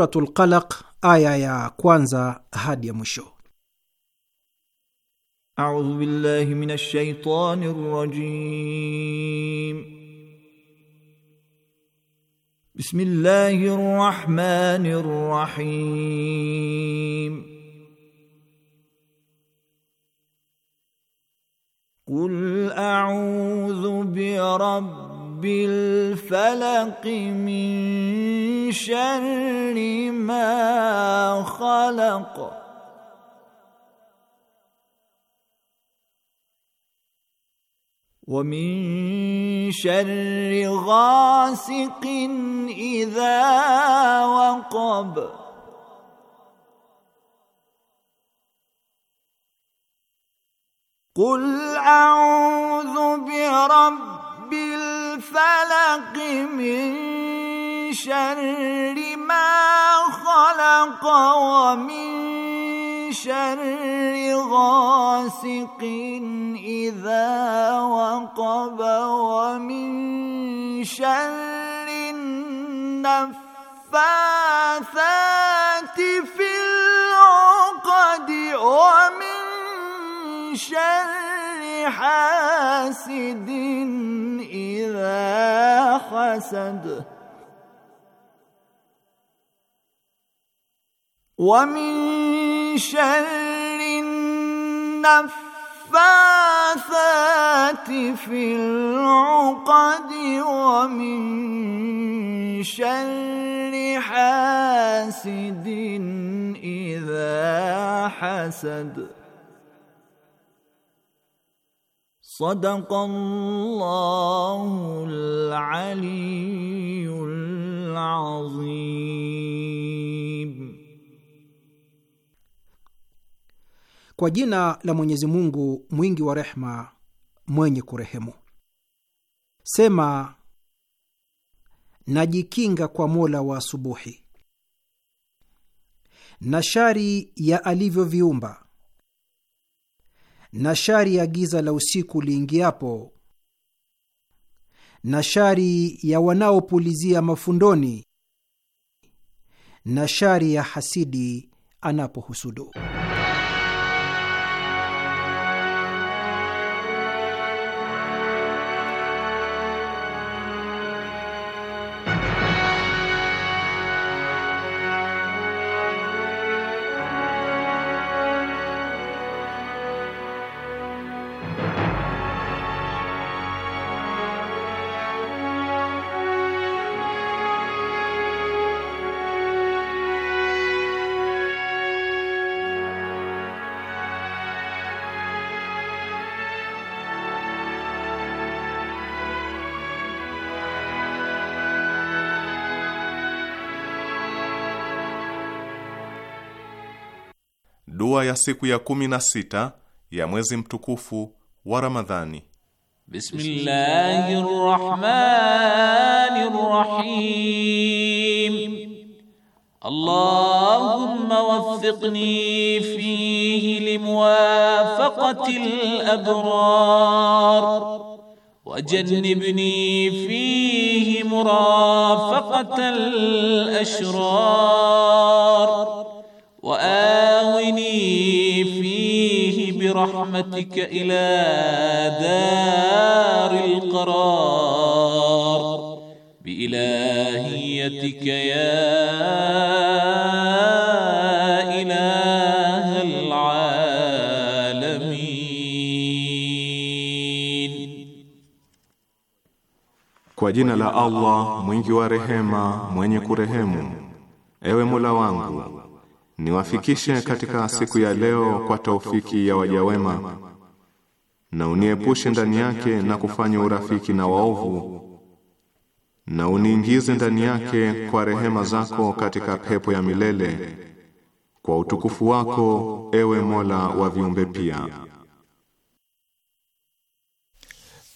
Suratul Qalaq aya ya kwanza hadi ya mwisho. A'udhu billahi minash shaitani rrajim. Bismillahir rahmanir rahim. قل أعوذ برب رب الفلق من شر ما خلق ومن شر غاسق إذا وقب قل أعوذ برب بالفلق من شر ما خلق ومن شر غاسق إذا وقب ومن شر النفاثات في العقد ومن شر حاسد إذا حسد ومن شر النفاثات في العقد ومن شر حاسد إذا حسد صدق الله العلي العظيم. Kwa jina la Mwenyezi Mungu mwingi wa rehema mwenye kurehemu. Sema, najikinga kwa Mola wa asubuhi na shari ya alivyoviumba na shari ya giza la usiku liingiapo, na shari ya wanaopulizia mafundoni, na shari ya hasidi anapohusudu. ya siku ya kumi na sita ya mwezi mtukufu wa Ramadhani. Bismillahirrahmanirrahim. Allahumma waffiqni fihi limuwafaqatil abrar وجنبني فيه مرافقة الأشرار وآل فيه برحمتك إلى دار القرار بإلهيتك يا إله العالمين Kwa jina la Allah mwingi wa rehema mwenye kurehemu, ewe Mola wangu niwafikishe katika siku ya leo kwa taufiki ya waja wema, na uniepushe ndani yake na kufanya urafiki na waovu, na uniingize ndani yake kwa rehema zako katika pepo ya milele, kwa utukufu wako, ewe Mola wa viumbe pia.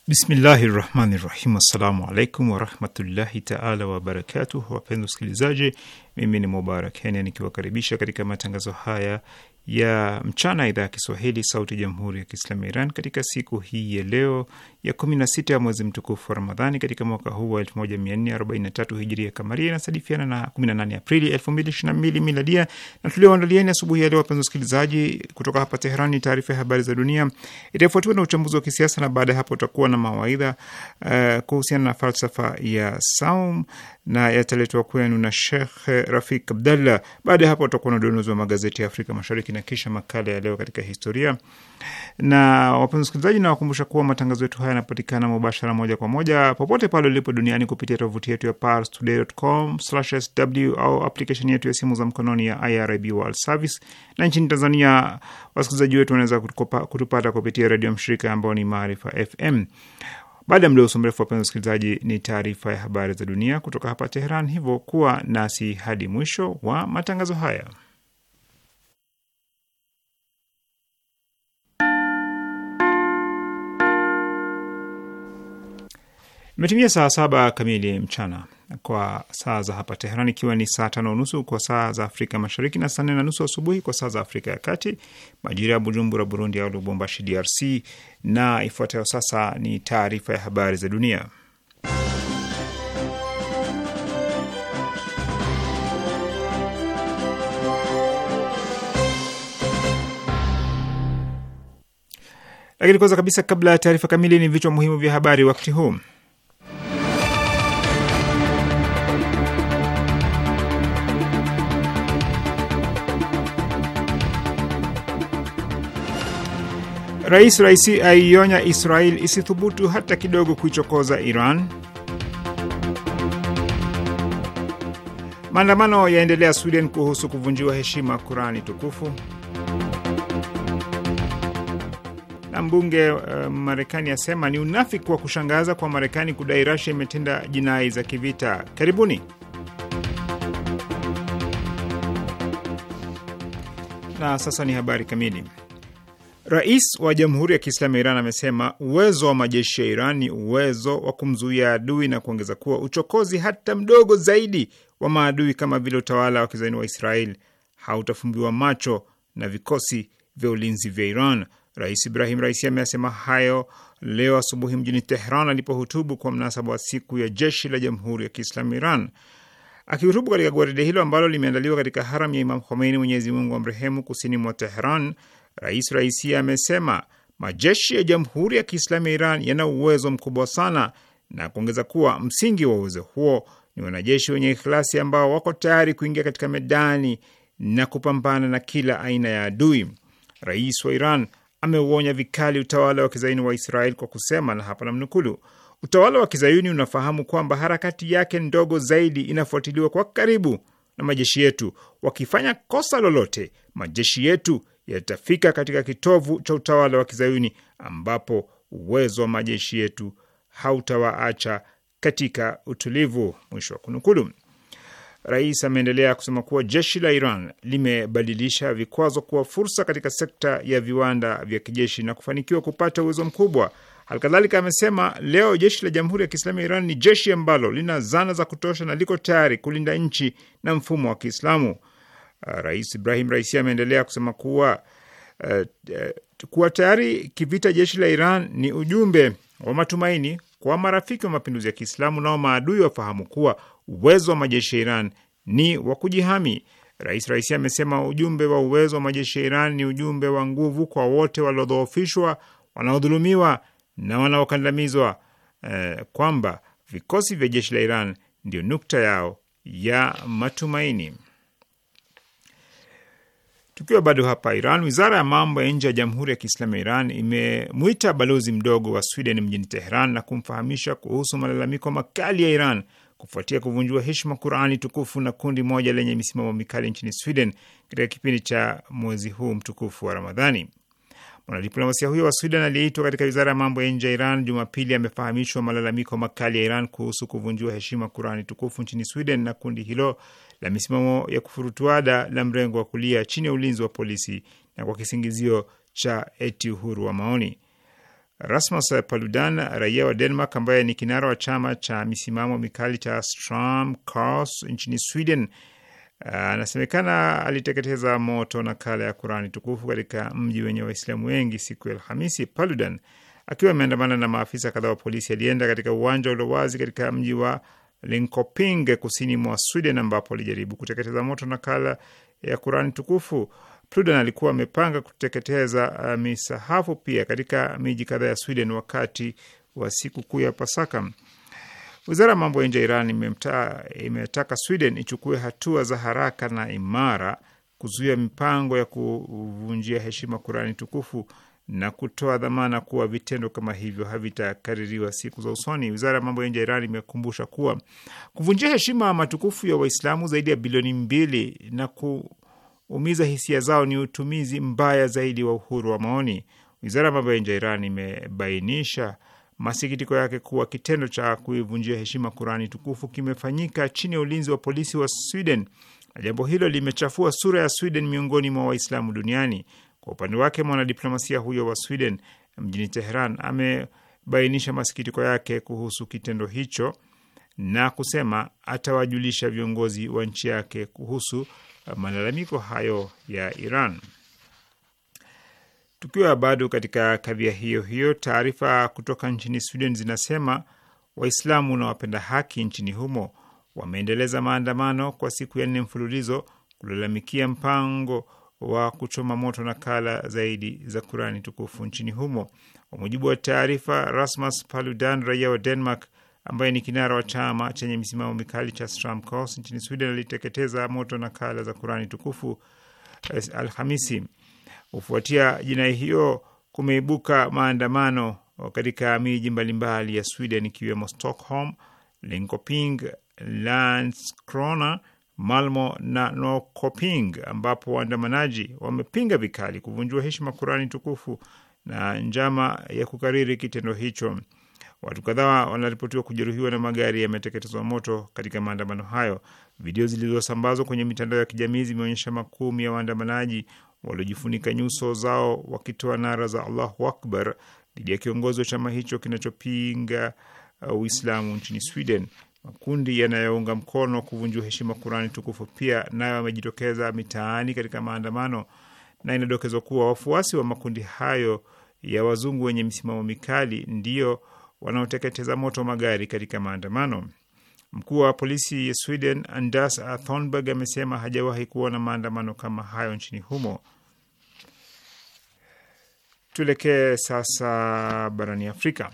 Bismillahi rahmani rahim. Assalamu alaikum warahmatullahi taala wabarakatuh. Wapenzi wasikilizaji, mimi ni Mubarak Kenya nikiwakaribisha katika matangazo haya ya mchana idhaa ya Kiswahili sauti ya jamhuri ya kiislamu ya Iran katika siku hii ya leo ya 16 ya mwezi mtukufu wa Ramadhani katika mwaka huu wa 1443 hijiria kamaria inasadifiana na 18 Aprili 2022 miladia. Na tulioandalieni asubuhi ya leo, wapenzi wasikilizaji, kutoka hapa Teheran ni taarifa ya habari za dunia, itafuatiwa na uchambuzi wa kisiasa, na baada ya hapo utakuwa na mawaidha uh, kuhusiana na falsafa ya saum na yataletwa kwenu na Shekh Rafik Abdallah. Baada ya hapo, utakuwa na udondozi wa magazeti ya Afrika Mashariki na kisha makala ya leo katika historia. Na wapenzi wasikilizaji, nawakumbusha kuwa matangazo yetu haya yanapatikana mubashara, moja kwa moja, popote pale ulipo duniani kupitia tovuti yetu ya parstoday.com/sw au aplikesheni yetu ya simu za mkononi ya IRIB World Service. Na nchini Tanzania, wasikilizaji wetu wanaweza kutupata kupitia redio mshirika ambao ni Maarifa FM. Baada ya mda uso mrefu, wapenzi wasikilizaji, ni taarifa ya habari za dunia kutoka hapa Teheran, hivyo kuwa nasi hadi mwisho wa matangazo haya. Imetimia saa saba kamili mchana kwa saa za hapa Teheran, ikiwa ni saa tano nusu kwa saa za Afrika Mashariki na saa nne na nusu asubuhi kwa saa za Afrika ya Kati, majira ya Bujumbura, Burundi au Lubumbashi, DRC. Na ifuatayo sasa ni taarifa ya habari za dunia. Lakini kwanza kabisa, kabla ya taarifa kamili, ni vichwa muhimu vya habari wakati huu. Rais Raisi aionya Israel isithubutu hata kidogo kuichokoza Iran. Maandamano yaendelea Sweden kuhusu kuvunjiwa heshima Kurani tukufu. Na mbunge uh, Marekani asema ni unafiki wa kushangaza kwa Marekani kudai Rasia imetenda jinai za kivita. Karibuni na sasa ni habari kamili. Rais wa Jamhuri ya Kiislamu ya Iran amesema uwezo wa majeshi ya Iran ni uwezo wa kumzuia adui na kuongeza kuwa uchokozi hata mdogo zaidi wa maadui kama vile utawala wa kizaini wa Israel hautafumbiwa macho na vikosi vya ulinzi vya Iran. Rais Ibrahim Raisi ameasema hayo leo asubuhi mjini Tehran alipohutubu kwa mnasaba wa siku ya jeshi la Jamhuri ya Kiislamu Iran. Akihutubu katika gwaride hilo ambalo limeandaliwa katika haram ya Imam Khomeini, Mwenyezi Mungu mrehemu kusini mwa Tehran, Rais Raisi amesema majeshi ya Jamhuri ya Kiislamu ya Iran yana uwezo mkubwa sana na kuongeza kuwa msingi wa uwezo huo ni wanajeshi wenye ikhlasi ambao wako tayari kuingia katika medani na kupambana na kila aina ya adui. Rais wa Iran ameuonya vikali utawala wa kizayuni wa Israel kwa kusema, na hapa namnukulu, utawala wa kizayuni unafahamu kwamba harakati yake ndogo zaidi inafuatiliwa kwa karibu na majeshi yetu. Wakifanya kosa lolote, majeshi yetu yatafika katika kitovu cha utawala wa kizayuni ambapo uwezo wa majeshi yetu hautawaacha katika utulivu. Mwisho wa kunukulu. Rais ameendelea kusema kuwa jeshi la Iran limebadilisha vikwazo kuwa fursa katika sekta ya viwanda vya kijeshi na kufanikiwa kupata uwezo mkubwa. Halikadhalika amesema leo jeshi la Jamhuri ya Kiislamu ya Iran ni jeshi ambalo lina zana za kutosha na liko tayari kulinda nchi na mfumo wa Kiislamu. Uh, Rais Ibrahim Raisi ameendelea kusema kuwa uh, kuwa tayari kivita jeshi la Iran ni ujumbe wa matumaini kwa marafiki wa mapinduzi ya Kiislamu, nao maadui wafahamu kuwa uwezo wa majeshi ya Iran ni wa kujihami. Rais Raisi amesema ujumbe wa uwezo wa majeshi ya Iran ni ujumbe wa nguvu kwa wote waliodhoofishwa, wanaodhulumiwa na wanaokandamizwa, eh, kwamba vikosi vya jeshi la Iran ndio nukta yao ya matumaini. Tukiwa bado hapa Iran, wizara ya mambo ya nje ya Jamhuri ya Kiislamu ya Iran imemwita balozi mdogo wa Sweden mjini Teheran na kumfahamisha kuhusu malalamiko makali ya Iran kufuatia kuvunjiwa heshima Qurani tukufu na kundi moja lenye misimamo mikali nchini Sweden katika kipindi cha mwezi huu mtukufu wa Ramadhani. Mwanadiplomasia huyo wa Sweden aliyeitwa katika wizara ya mambo ya nje ya Iran Jumapili amefahamishwa malalamiko makali ya Iran kuhusu kuvunjiwa heshima Qurani tukufu nchini Sweden na kundi hilo la misimamo ya kufurutuada la mrengo wa kulia chini ya ulinzi wa polisi na kwa kisingizio cha eti uhuru wa maoni. Rasmus Paludan, raia wa Denmark ambaye ni kinara wa chama cha misimamo mikali cha Stram Kors nchini Sweden, anasemekana aliteketeza moto na kala ya Kurani tukufu katika mji wenye Waislamu wengi siku ya Alhamisi. Paludan akiwa ameandamana na maafisa kadhaa wa polisi alienda katika uwanja ulio wazi katika mji wa Linkopinge kusini mwa Sweden, ambapo alijaribu kuteketeza moto nakala ya Kurani tukufu. Pluton alikuwa amepanga kuteketeza uh, misahafu pia katika miji kadhaa ya Sweden wakati wa sikukuu ya Pasaka. Wizara ya mambo ya nje ya Iran imetaka Sweden ichukue hatua za haraka na imara kuzuia mipango ya kuvunjia heshima Kurani tukufu na kutoa dhamana kuwa vitendo kama hivyo havitakaririwa siku za usoni. Wizara ya mambo ya nje ya Iran imekumbusha kuwa kuvunjia heshima matukufu ya Waislamu zaidi ya bilioni mbili na kuumiza hisia zao ni utumizi mbaya zaidi wa uhuru wa maoni. Wizara ya mambo ya nje ya Iran imebainisha masikitiko yake kuwa kitendo cha kuivunjia heshima Kurani tukufu kimefanyika chini ya ulinzi wa polisi wa Sweden na jambo hilo limechafua sura ya Sweden miongoni mwa Waislamu duniani. Kwa upande wake mwanadiplomasia huyo wa Sweden mjini Teheran amebainisha masikitiko yake kuhusu kitendo hicho na kusema atawajulisha viongozi wa nchi yake kuhusu malalamiko hayo ya Iran. Tukiwa bado katika kadhia hiyo hiyo, taarifa kutoka nchini Sweden zinasema Waislamu na wapenda haki nchini humo wameendeleza maandamano kwa siku ya nne mfululizo kulalamikia mpango wa kuchoma moto nakala zaidi za Kurani tukufu nchini humo. Kwa mujibu wa taarifa, Rasmus Paludan, raia wa Denmark ambaye ni kinara wa chama chenye misimamo mikali cha Stramkos nchini Sweden, aliteketeza moto nakala za Kurani tukufu eh, Alhamisi. Kufuatia jinai hiyo, kumeibuka maandamano katika miji mbalimbali ya Sweden ikiwemo Stockholm, Linkoping, Landskrona Malmo na Nokoping, ambapo waandamanaji wamepinga vikali kuvunjua heshima Kurani tukufu na njama ya kukariri kitendo hicho. Watu kadhaa wanaripotiwa kujeruhiwa na magari yameteketezwa moto katika maandamano hayo. Video zilizosambazwa kwenye mitandao ya kijamii zimeonyesha makumi ya waandamanaji waliojifunika nyuso zao wakitoa nara za Allahu akbar dhidi ya kiongozi wa chama hicho kinachopinga uh, Uislamu nchini Sweden. Makundi yanayounga mkono kuvunjia heshima Kurani tukufu pia nayo yamejitokeza mitaani katika maandamano, na inadokezwa kuwa wafuasi wa makundi hayo ya wazungu wenye misimamo mikali ndiyo wanaoteketeza moto magari katika maandamano. Mkuu wa polisi ya Sweden Anders Thornberg amesema hajawahi kuona maandamano kama hayo nchini humo. Tuelekee sasa barani Afrika.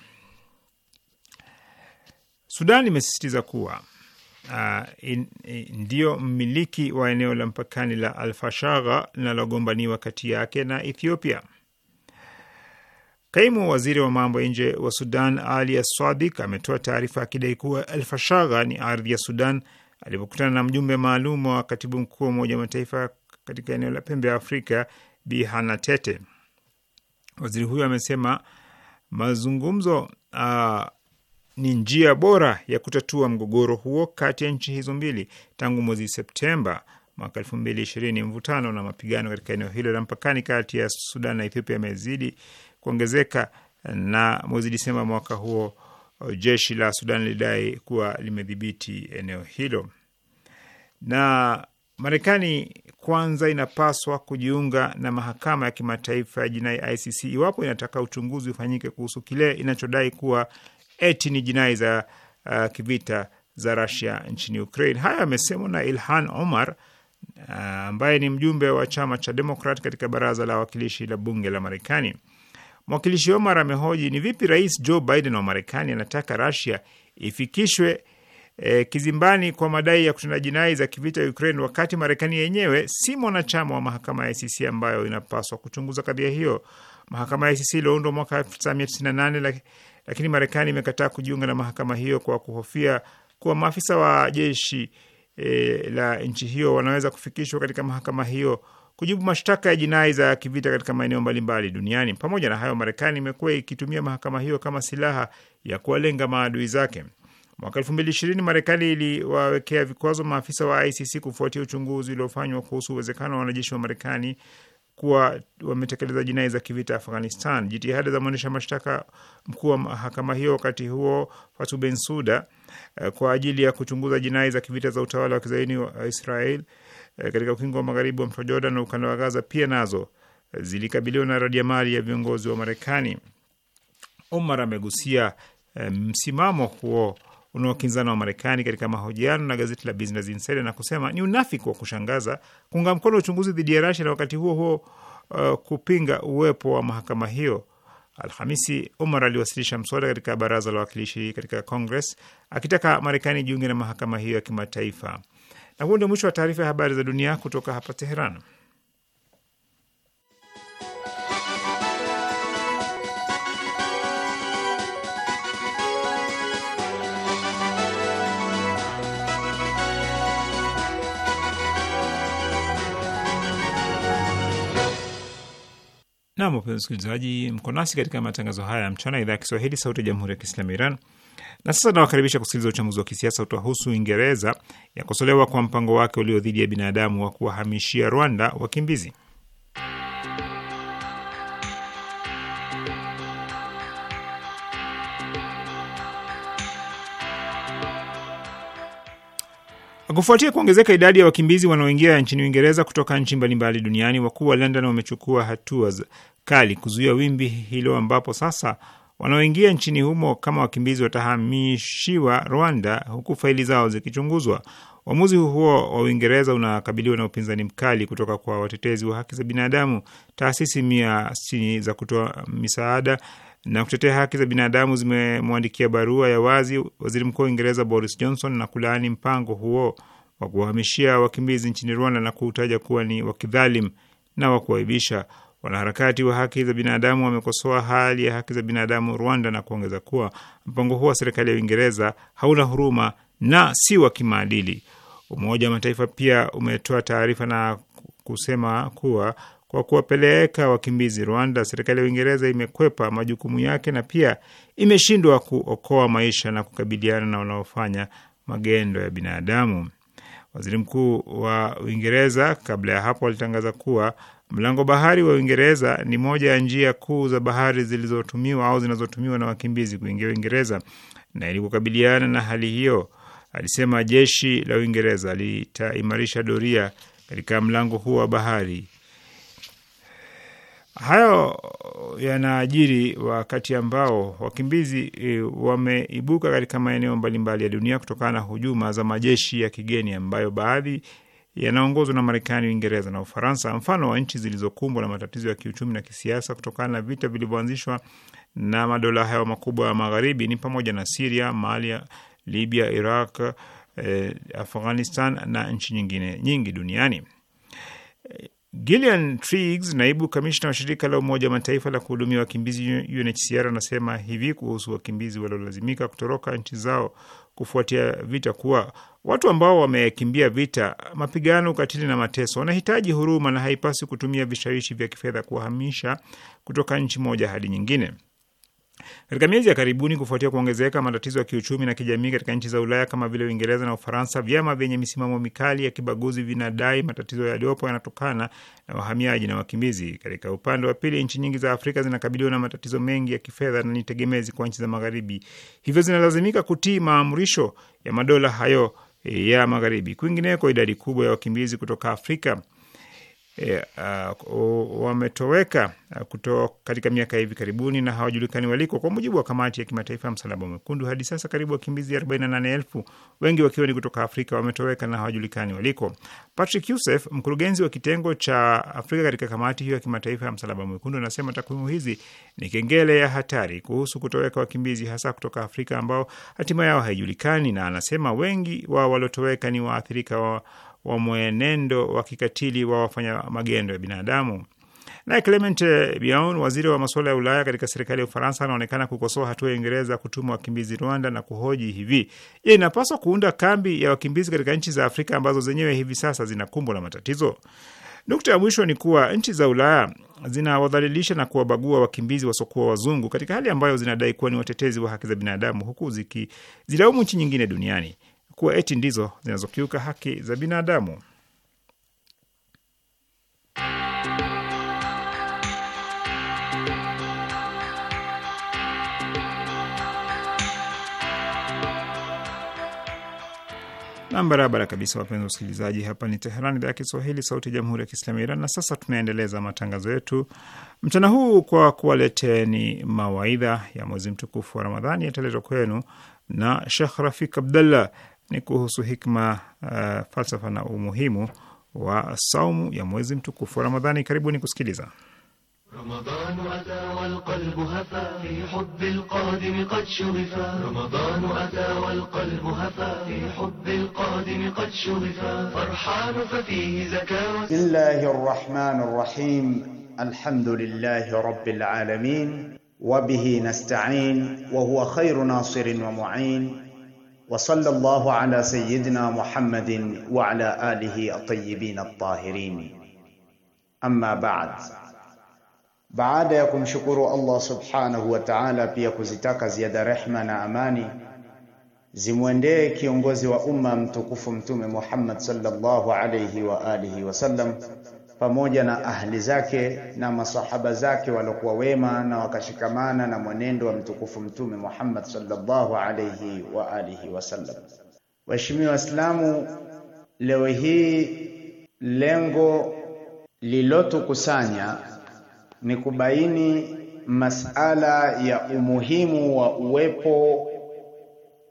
Sudan imesisitiza kuwa uh, in, eh, in, mmiliki wa eneo la mpakani la Alfashagha linalogombaniwa kati yake na Ethiopia. Kaimu waziri wa mambo ya nje wa Sudan Ali Aswadik ametoa taarifa akidai kuwa Alfashagha ni ardhi ya Sudan alipokutana na mjumbe maalum wa katibu mkuu wa Umoja wa Mataifa katika eneo la pembe ya Afrika Bi Hana Tete. Waziri huyo amesema mazungumzo uh, ni njia bora ya kutatua mgogoro huo kati ya nchi hizo mbili. Tangu mwezi Septemba mwaka elfu mbili ishirini, mvutano na mapigano katika eneo hilo la mpakani kati ya Sudan na Ethiopia amezidi kuongezeka, na mwezi Disemba mwaka huo jeshi la Sudan lilidai kuwa limedhibiti eneo hilo. Na Marekani kwanza inapaswa kujiunga na mahakama ya kimataifa ya jinai ICC iwapo inataka uchunguzi ufanyike kuhusu kile inachodai kuwa eti ni jinai za uh, kivita za Russia nchini Ukraine. Haya amesemwa na Ilhan Omar uh, ambaye uh, ni mjumbe wa chama cha Demokrat katika baraza la wawakilishi la bunge la Marekani. Mwakilishi Omar amehoji ni vipi Rais Joe Biden wa Marekani anataka Russia ifikishwe eh, kizimbani kwa madai ya kutenda jinai za kivita Ukraine, wakati Marekani yenyewe si mwanachama wa mahakama ya ICC ambayo inapaswa kuchunguza kadhia hiyo. Mahakama ya ICC iliyoundwa mwaka 1998 lakini Marekani imekataa kujiunga na mahakama hiyo kwa kuhofia kuwa maafisa wa jeshi e, la nchi hiyo wanaweza kufikishwa katika mahakama hiyo kujibu mashtaka ya jinai za kivita katika maeneo mbalimbali duniani. Pamoja na hayo, Marekani imekuwa ikitumia mahakama hiyo kama silaha ya kuwalenga maadui zake. Mwaka elfu mbili ishirini Marekani iliwawekea vikwazo maafisa wa ICC kufuatia uchunguzi uliofanywa kuhusu uwezekano wa wanajeshi wa Marekani kuwa wametekeleza jinai za kivita Afghanistan. Jitihada za mwendesha mashtaka mkuu wa mahakama hiyo wakati huo Fatu Bensuda eh, kwa ajili ya kuchunguza jinai za kivita za utawala wa kizaini wa Israel eh, katika ukingo wa magharibi wa mto Jordan na ukanda wa Gaza pia nazo eh, zilikabiliwa na radia mali ya viongozi wa Marekani. Omar amegusia msimamo huo unaokinzana wa Marekani katika mahojiano na gazeti la Business Insider na kusema ni unafiki wa kushangaza kuunga mkono uchunguzi dhidi ya rasia na wakati huo huo uh, kupinga uwepo wa mahakama hiyo. Alhamisi, umar aliwasilisha mswada katika baraza la wawakilishi katika Congress akitaka Marekani jiunge na mahakama hiyo ya kimataifa. Na huo ndio mwisho wa taarifa ya habari za dunia kutoka hapa Teheran. Nam, wapenzi msikilizaji, mko nasi katika matangazo haya ya mchana, idhaa ya Kiswahili, sauti ya jamhuri ya kiislamu ya Iran. Na sasa nawakaribisha kusikiliza uchambuzi wa kisiasa utahusu Uingereza yakosolewa kwa mpango wake ulio dhidi ya binadamu wa kuwahamishia Rwanda wakimbizi. Kufuatia kuongezeka idadi ya wakimbizi wanaoingia nchini Uingereza kutoka nchi mbalimbali duniani, wakuu wa London wamechukua hatua kali kuzuia wimbi hilo, ambapo sasa wanaoingia nchini humo kama wakimbizi watahamishiwa Rwanda, huku faili zao zikichunguzwa. Uamuzi huo wa Uingereza unakabiliwa na upinzani mkali kutoka kwa watetezi wa haki za binadamu, taasisi mia sitini za kutoa misaada na kutetea haki za binadamu zimemwandikia barua ya wazi waziri mkuu wa Uingereza Boris Johnson na kulaani mpango huo wa kuwahamishia wakimbizi nchini Rwanda na kuutaja kuwa ni wakidhalim na wa kuaibisha. Wanaharakati wa haki za binadamu wamekosoa hali ya haki za binadamu Rwanda na kuongeza kuwa mpango huo wa serikali ya Uingereza hauna huruma na si wa kimaadili. Umoja wa Mataifa pia umetoa taarifa na kusema kuwa kwa kuwapeleka wakimbizi Rwanda. Serikali ya Uingereza imekwepa majukumu yake na pia imeshindwa kuokoa maisha na kukabiliana na wanaofanya magendo ya binadamu. Waziri Mkuu wa Uingereza kabla ya hapo alitangaza kuwa mlango bahari wa Uingereza ni moja ya njia kuu za bahari zilizotumiwa au zinazotumiwa na wakimbizi kuingia Uingereza, na ili kukabiliana na hali hiyo, alisema jeshi la Uingereza litaimarisha doria katika mlango huu wa bahari Hayo yanaajiri wakati ambao wakimbizi e, wameibuka katika maeneo mbalimbali ya dunia kutokana na hujuma za majeshi ya kigeni ambayo baadhi yanaongozwa na Marekani, Uingereza na Ufaransa, mfano wa nchi zilizokumbwa na matatizo ya kiuchumi na kisiasa kutokana na vita vilivyoanzishwa na madola hayo makubwa ya Magharibi ni pamoja na Siria, Mali, Libya, Iraq, eh, Afghanistan na nchi nyingine nyingi duniani. Gillian Triggs, naibu kamishna wa shirika la Umoja wa Mataifa la kuhudumia wakimbizi UNHCR, anasema hivi kuhusu wakimbizi waliolazimika kutoroka nchi zao kufuatia vita kuwa watu ambao wamekimbia vita, mapigano, ukatili na mateso wanahitaji huruma na haipasi kutumia vishawishi vya kifedha kuwahamisha kutoka nchi moja hadi nyingine. Katika miezi ya karibuni, kufuatia kuongezeka matatizo ya kiuchumi na kijamii katika nchi za Ulaya kama vile Uingereza na Ufaransa, vyama vyenye misimamo mikali ya kibaguzi vinadai matatizo yaliyopo yanatokana na wahamiaji na wakimbizi. Katika upande wa pili, nchi nyingi za Afrika zinakabiliwa na matatizo mengi ya kifedha na ni tegemezi kwa nchi za Magharibi, hivyo zinalazimika kutii maamrisho ya madola hayo ya Magharibi. Kwingineko, idadi kubwa ya wakimbizi kutoka Afrika uh, wametoweka uh, kutoka katika miaka hivi karibuni na hawajulikani waliko. Kwa mujibu wa kamati ya kimataifa ya msalaba mwekundu, hadi sasa karibu wakimbizi 48,000 wengi wakiwa ni kutoka Afrika wametoweka na hawajulikani waliko. Patrick Youssef, mkurugenzi wa kitengo cha Afrika katika kamati hiyo ya kimataifa ya msalaba mwekundu, anasema takwimu hizi ni kengele ya hatari kuhusu kutoweka wakimbizi hasa kutoka Afrika ambao hatima yao haijulikani, na anasema wengi wa waliotoweka ni waathirika wa wa mwenendo wa kikatili wa wafanya magendo ya binadamu. Naye Clement Bion, waziri wa masuala ya Ulaya katika serikali ya Ufaransa, anaonekana kukosoa hatua ya Uingereza kutuma wakimbizi Rwanda na kuhoji hivi: je, inapaswa kuunda kambi ya wakimbizi katika nchi za Afrika ambazo zenyewe hivi sasa zinakumbwa na matatizo? Nukta ya mwisho ni kuwa nchi za Ulaya zinawadhalilisha na kuwabagua wakimbizi wasokuwa wazungu katika hali ambayo zinadai kuwa ni watetezi wa haki za binadamu, huku zikizilaumu nchi nyingine duniani kuwa eti ndizo zinazokiuka haki za binadamu. Nam, barabara kabisa, wapenzi wasikilizaji, hapa ni Teheran, idhaa ya Kiswahili, sauti ya jamhuri ya kiislamu ya Iran. Na sasa tunaendeleza matangazo yetu mchana huu kwa kuwaleteni mawaidha ya mwezi mtukufu wa Ramadhani, yataletwa kwenu na Shekh Rafik Abdallah ni kuhusu hikma, uh, falsafa na umuhimu wa saumu ya mwezi mtukufu wa Ramadhani. Karibuni kusikiliza. Ramadhanu ata wal qalbu hafa fi hubbil qadim qad shughifa. Ramadhanu ata wal qalbu hafa fi hubbil qadim qad shughifa. Farhan fa fihi zakawa. Bismillahir rahmanir rahim. Alhamdulillahi rabbil alamin. Wa bihi nasta'in wa huwa khairu nasirin wa mu'in. wa sallallahu ala sayyidina Muhammadin wa ala alihi at-tayyibin at ba'd, baada ya kumshukuru Allah subhanahu wa ta'ala, pia kuzitaka ziada rehma na amani zimwendee kiongozi wa umma mtukufu Mtume Muhammad sallallahu alayhi wa alihi wasallam pamoja na ahli zake na masahaba zake waliokuwa wema na wakashikamana na mwenendo wa mtukufu Mtume Muhammad sallallahu alayhi wa alihi wasallam. Waheshimiwa Waislamu, leo hii lengo lilotukusanya ni kubaini masala ya umuhimu wa uwepo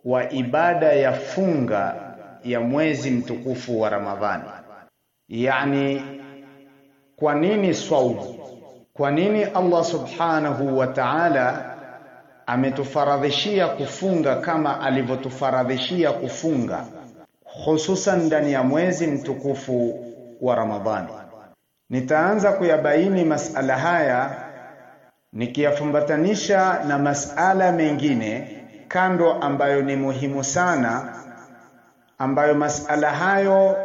wa ibada ya funga ya mwezi mtukufu wa Ramadhani, yani kwa nini swaumu? Kwa nini Allah subhanahu wa ta'ala ametufaradhishia kufunga kama alivyotufaradhishia kufunga hususan ndani ya mwezi mtukufu wa Ramadhani? Nitaanza kuyabaini masala haya nikiyafumbatanisha na masala mengine kando, ambayo ni muhimu sana, ambayo masala hayo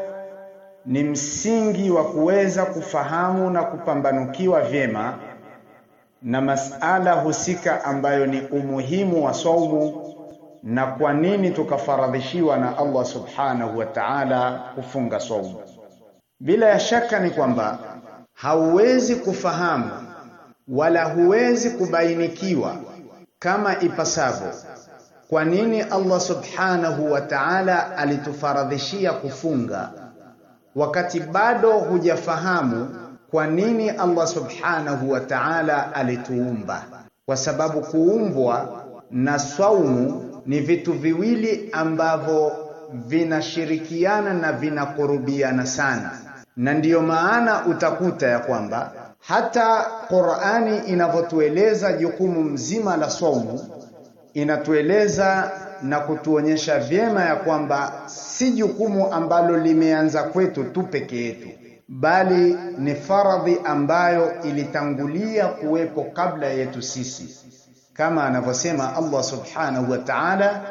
ni msingi wa kuweza kufahamu na kupambanukiwa vyema na masala husika ambayo ni umuhimu wa saumu na kwa nini tukafaradhishiwa na Allah subhanahu wa ta'ala kufunga saumu. Bila ya shaka ni kwamba hauwezi kufahamu wala huwezi kubainikiwa kama ipasavyo kwa nini Allah subhanahu wa ta'ala alitufaradhishia kufunga wakati bado hujafahamu kwa nini Allah subhanahu wa ta'ala alituumba, kwa sababu kuumbwa na swaumu ni vitu viwili ambavyo vinashirikiana na vinakurubiana sana, na ndiyo maana utakuta ya kwamba hata Qur'ani inavyotueleza jukumu mzima la swaumu inatueleza na kutuonyesha vyema ya kwamba si jukumu ambalo limeanza kwetu tu peke yetu, bali ni faradhi ambayo ilitangulia kuwepo kabla yetu sisi, kama anavyosema Allah subhanahu wa ta'ala,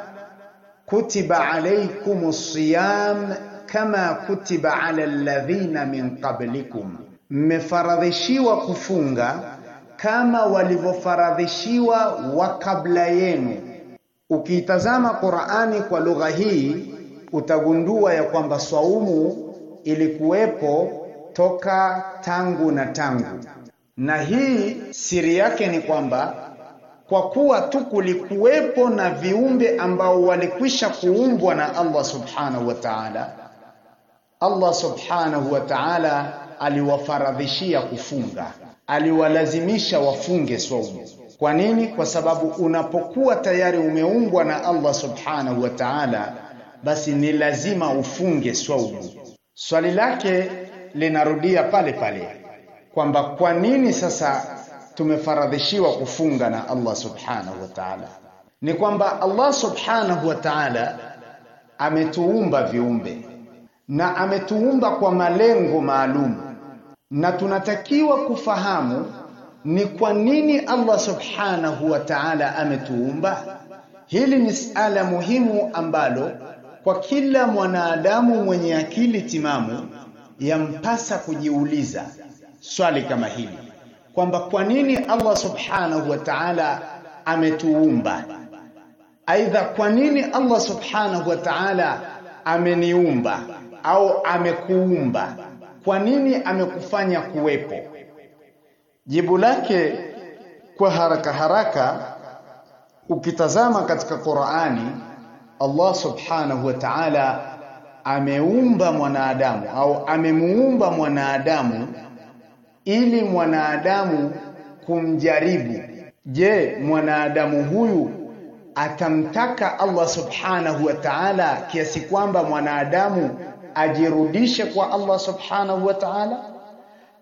kutiba alaykumus siyam kama kutiba ala alladhina min qablikum, mmefaradhishiwa kufunga kama walivyofaradhishiwa wa kabla yenu Ukiitazama Qur'ani kwa lugha hii utagundua ya kwamba swaumu ilikuwepo toka tangu na tangu, na hii siri yake ni kwamba kwa kuwa tu kulikuwepo na viumbe ambao walikwisha kuumbwa na Allah subhanahu wa ta'ala, Allah subhanahu wa ta'ala aliwafaradhishia kufunga, aliwalazimisha wafunge swaumu. Kwa nini? Kwa sababu unapokuwa tayari umeumbwa na Allah subhanahu wa ta'ala, basi ni lazima ufunge swaumu. Swali lake linarudia pale pale kwamba kwa nini sasa tumefaradhishiwa kufunga na Allah subhanahu wa ta'ala? Ni kwamba Allah subhanahu wa ta'ala ametuumba viumbe na ametuumba kwa malengo maalum, na tunatakiwa kufahamu ni kwa nini Allah subhanahu wa ta'ala ametuumba? Hili ni suala muhimu ambalo kwa kila mwanadamu mwenye akili timamu yampasa kujiuliza swali kama hili kwamba kwa nini Allah subhanahu wa ta'ala ametuumba? Aidha, kwa nini Allah subhanahu wa ta'ala ameniumba au amekuumba? Kwa nini amekufanya kuwepo? Jibu lake kwa haraka haraka, ukitazama katika Qur'ani, Allah subhanahu wa ta'ala ameumba mwanadamu au amemuumba mwanadamu ili mwanadamu kumjaribu. Je, mwanadamu huyu atamtaka Allah subhanahu wa ta'ala kiasi kwamba mwanadamu ajirudishe kwa Allah subhanahu wa ta'ala?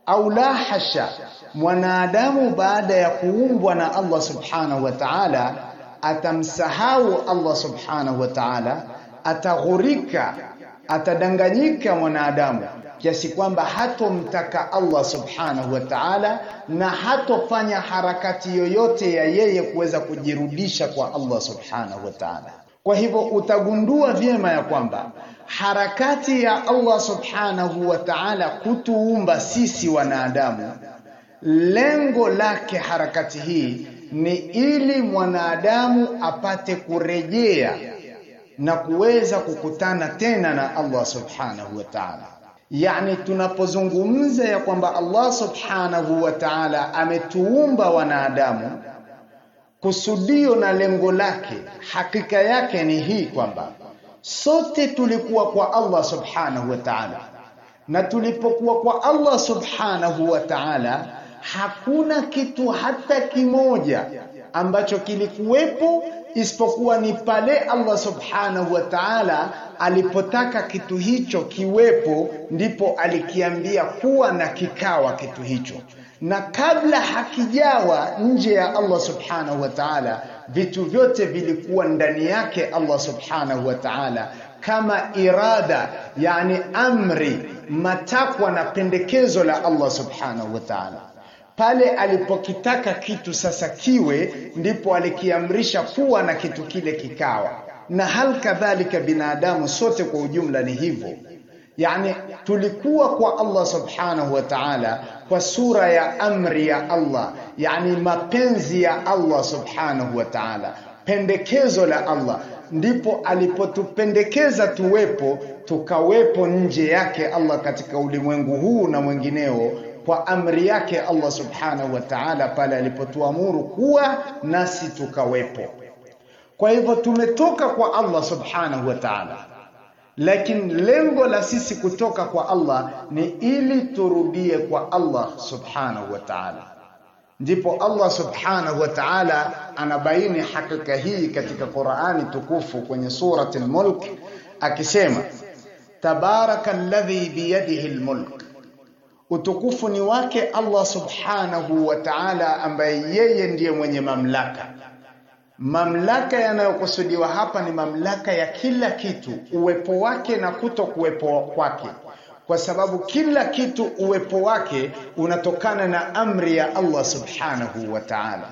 au la hasha, mwanadamu baada ya kuumbwa na Allah subhanahu wa ta'ala atamsahau Allah subhanahu wa ta'ala, ataghurika, atadanganyika mwanadamu kiasi kwamba hatomtaka Allah subhanahu wa ta'ala na hatofanya harakati yoyote ya yeye kuweza kujirudisha kwa Allah subhanahu wa ta'ala. Kwa hivyo utagundua vyema ya kwamba harakati ya Allah subhanahu wa ta'ala kutuumba sisi wanadamu, lengo lake harakati hii ni ili mwanadamu apate kurejea na kuweza kukutana tena na Allah subhanahu wa ta'ala. yani tunapozungumza ya kwamba Allah subhanahu wa ta'ala ametuumba wanadamu, kusudio na lengo lake, hakika yake ni hii kwamba sote tulikuwa kwa Allah subhanahu wa ta'ala, na tulipokuwa kwa Allah subhanahu wa ta'ala hakuna kitu hata kimoja ambacho kilikuwepo isipokuwa ni pale Allah subhanahu wa ta'ala alipotaka kitu hicho kiwepo, ndipo alikiambia kuwa na kikawa kitu hicho, na kabla hakijawa nje ya Allah subhanahu wa ta'ala vitu vyote vilikuwa ndani yake Allah subhanahu wa ta'ala, kama irada, yani amri, matakwa na pendekezo la Allah subhanahu wa ta'ala. Pale alipokitaka kitu sasa kiwe, ndipo alikiamrisha kuwa na kitu kile kikawa, na hal kadhalika binadamu sote kwa ujumla ni hivyo. Yani tulikuwa kwa Allah subhanahu wa ta'ala kwa sura ya amri ya Allah, yani mapenzi ya Allah subhanahu wa ta'ala, pendekezo la Allah, ndipo alipotupendekeza tuwepo, tukawepo nje yake Allah katika ulimwengu huu na mwingineo kwa amri yake Allah subhanahu wa ta'ala, pale alipotuamuru kuwa nasi tukawepo. Kwa hivyo tumetoka kwa Allah subhanahu wa ta'ala lakini lengo la sisi kutoka kwa Allah ni ili turudie kwa Allah subhanahu wa ta'ala. Ndipo Allah subhanahu wa ta'ala anabaini hakika hii katika Qur'ani tukufu kwenye surati al-Mulk akisema, tabaraka alladhi biyadihi al-mulk, utukufu ni wake Allah subhanahu wa ta'ala ambaye yeye ndiye mwenye mamlaka Mamlaka yanayokusudiwa hapa ni mamlaka ya kila kitu, uwepo wake na kuto kuwepo kwake, kwa sababu kila kitu uwepo wake unatokana na amri ya Allah subhanahu wa ta'ala,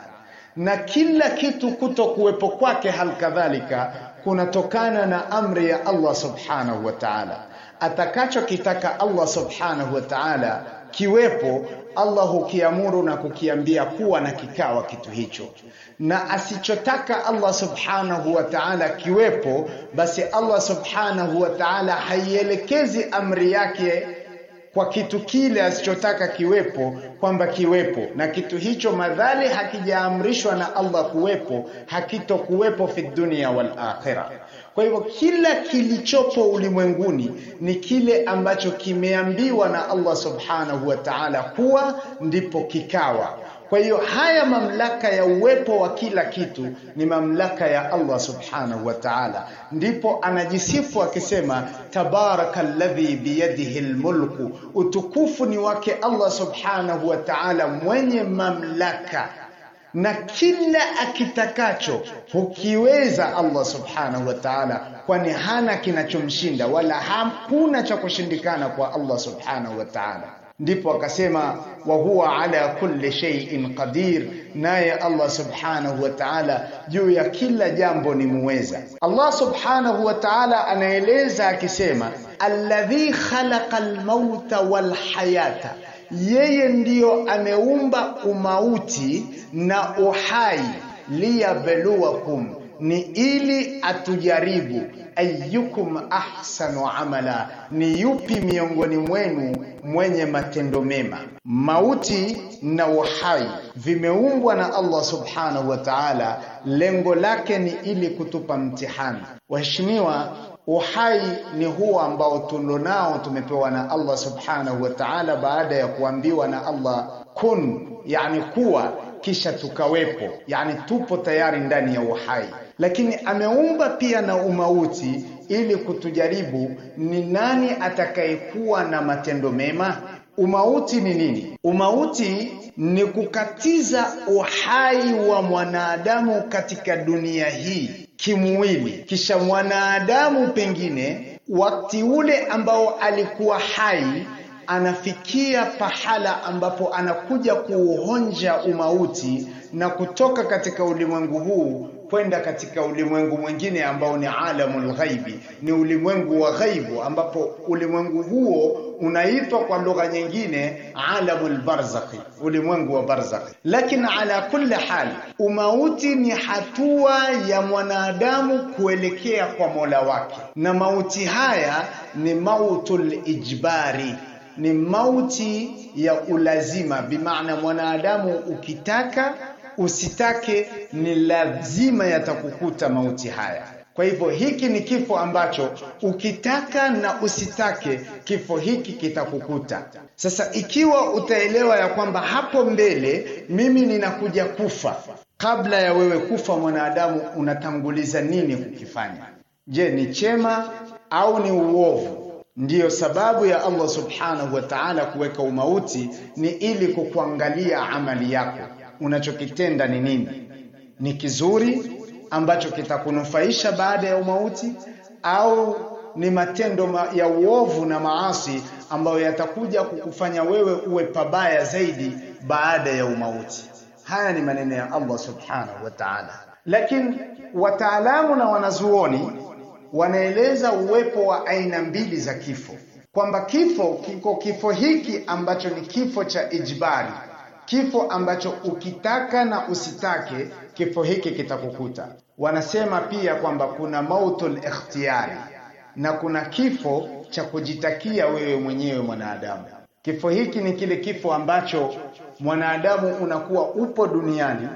na kila kitu kuto kuwepo kwake hal kadhalika kunatokana na amri ya Allah subhanahu wa ta'ala. Atakachokitaka Allah subhanahu wa ta'ala kiwepo, Allah hukiamuru na kukiambia kuwa na kikawa kitu hicho, na asichotaka Allah subhanahu wa ta'ala kiwepo, basi Allah subhanahu wa ta'ala haielekezi amri yake kwa kitu kile asichotaka kiwepo kwamba kiwepo, na kitu hicho madhali hakijaamrishwa na Allah kuwepo, hakitokuwepo fi dunia wal akhirah. Kwa hivyo kila kilichopo ulimwenguni ni kile ambacho kimeambiwa na Allah subhanahu wa ta'ala kuwa, ndipo kikawa. Kwa hiyo haya mamlaka ya uwepo wa kila kitu ni mamlaka ya Allah subhanahu wa ta'ala. Ndipo anajisifu akisema, tabarakalladhi biyadihi almulku, utukufu ni wake Allah subhanahu wa ta'ala mwenye mamlaka na kila akitakacho hukiweza Allah subhanahu wa ta'ala, kwani hana kinachomshinda wala hakuna cha kushindikana kwa Allah subhanahu wa ta'ala. Ndipo akasema wa huwa ala kulli shay'in qadir, naye Allah subhanahu wa ta'ala juu ya kila jambo ni muweza. Allah subhanahu wa ta'ala anaeleza akisema, alladhi khalaqa almauta walhayata yeye ndiyo ameumba umauti na uhai, liyabluwakum, ni ili atujaribu, ayyukum ahsanu amala, ni yupi miongoni mwenu mwenye matendo mema. Mauti na uhai vimeumbwa na Allah subhanahu wa ta'ala, lengo lake ni ili kutupa mtihani. Waheshimiwa Uhai ni huo ambao nao tumepewa na Allah subhanahu wa ta'ala, baada ya kuambiwa na Allah kun, yani kuwa, kisha tukawepo, yani tupo tayari ndani ya uhai. Lakini ameumba pia na umauti ili kutujaribu ni nani atakayekuwa na matendo mema. Umauti ni nini? Umauti ni kukatiza uhai wa mwanadamu katika dunia hii kimwili. Kisha mwanadamu pengine wakati ule ambao alikuwa hai anafikia pahala ambapo anakuja kuuonja umauti na kutoka katika ulimwengu huu kwenda katika ulimwengu mwingine ambao ni alamul ghaibi, ni ulimwengu wa ghaibu, ambapo ulimwengu huo unaitwa kwa lugha nyingine alamul barzakhi, ulimwengu wa barzakhi. Lakini ala kulli hali, umauti ni hatua ya mwanadamu kuelekea kwa Mola wake, na mauti haya ni mautul ijbari ni mauti ya ulazima, bimaana mwanadamu ukitaka usitake, ni lazima yatakukuta mauti haya. Kwa hivyo hiki ni kifo ambacho ukitaka na usitake, kifo hiki kitakukuta. Sasa ikiwa utaelewa ya kwamba hapo mbele mimi ninakuja kufa, kabla ya wewe kufa mwanadamu, unatanguliza nini kukifanya? Je, ni chema au ni uovu? Ndiyo sababu ya Allah subhanahu wa ta'ala kuweka umauti ni ili kukuangalia amali yako unachokitenda ni nini, ni kizuri ambacho kitakunufaisha baada ya umauti au ni matendo ya uovu na maasi ambayo yatakuja kukufanya wewe uwe pabaya zaidi baada ya umauti. Haya ni maneno ya Allah subhanahu wa ta'ala. Lakini wataalamu na wanazuoni wanaeleza uwepo wa aina mbili za kifo, kwamba kifo kiko kifo hiki ambacho ni kifo cha ijbari kifo ambacho ukitaka na usitake kifo hiki kitakukuta. Wanasema pia kwamba kuna mautul ikhtiyari na kuna kifo cha kujitakia wewe mwenyewe mwanadamu. Kifo hiki ni kile kifo ambacho mwanadamu unakuwa upo duniani,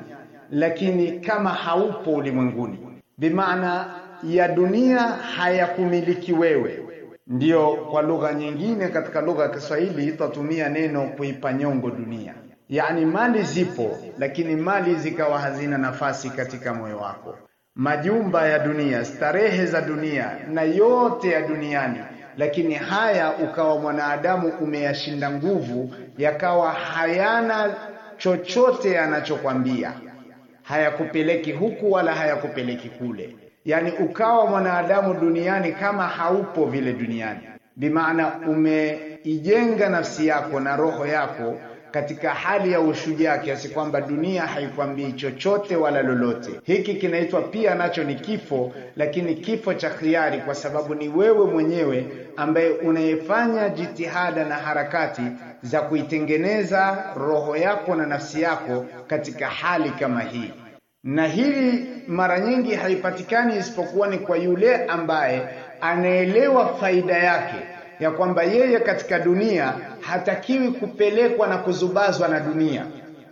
lakini kama haupo ulimwenguni, bimaana ya dunia hayakumiliki wewe. Ndiyo, kwa lugha nyingine, katika lugha ya Kiswahili itatumia neno kuipa nyongo dunia yani mali zipo, lakini mali zikawa hazina nafasi katika moyo wako. Majumba ya dunia, starehe za dunia na yote ya duniani, lakini haya ukawa mwanadamu umeyashinda nguvu, yakawa hayana chochote anachokwambia, hayakupeleki huku wala hayakupeleki kule. Yani ukawa mwanadamu duniani kama haupo vile duniani, bimaana umeijenga nafsi yako na roho yako katika hali ya ushujaa kiasi kwamba dunia haikwambii chochote wala lolote. Hiki kinaitwa pia nacho ni kifo, lakini kifo cha khiari, kwa sababu ni wewe mwenyewe ambaye unayefanya jitihada na harakati za kuitengeneza roho yako na nafsi yako katika hali kama hii, na hili mara nyingi haipatikani isipokuwa ni kwa yule ambaye anaelewa faida yake ya kwamba yeye katika dunia hatakiwi kupelekwa na kuzubazwa na dunia,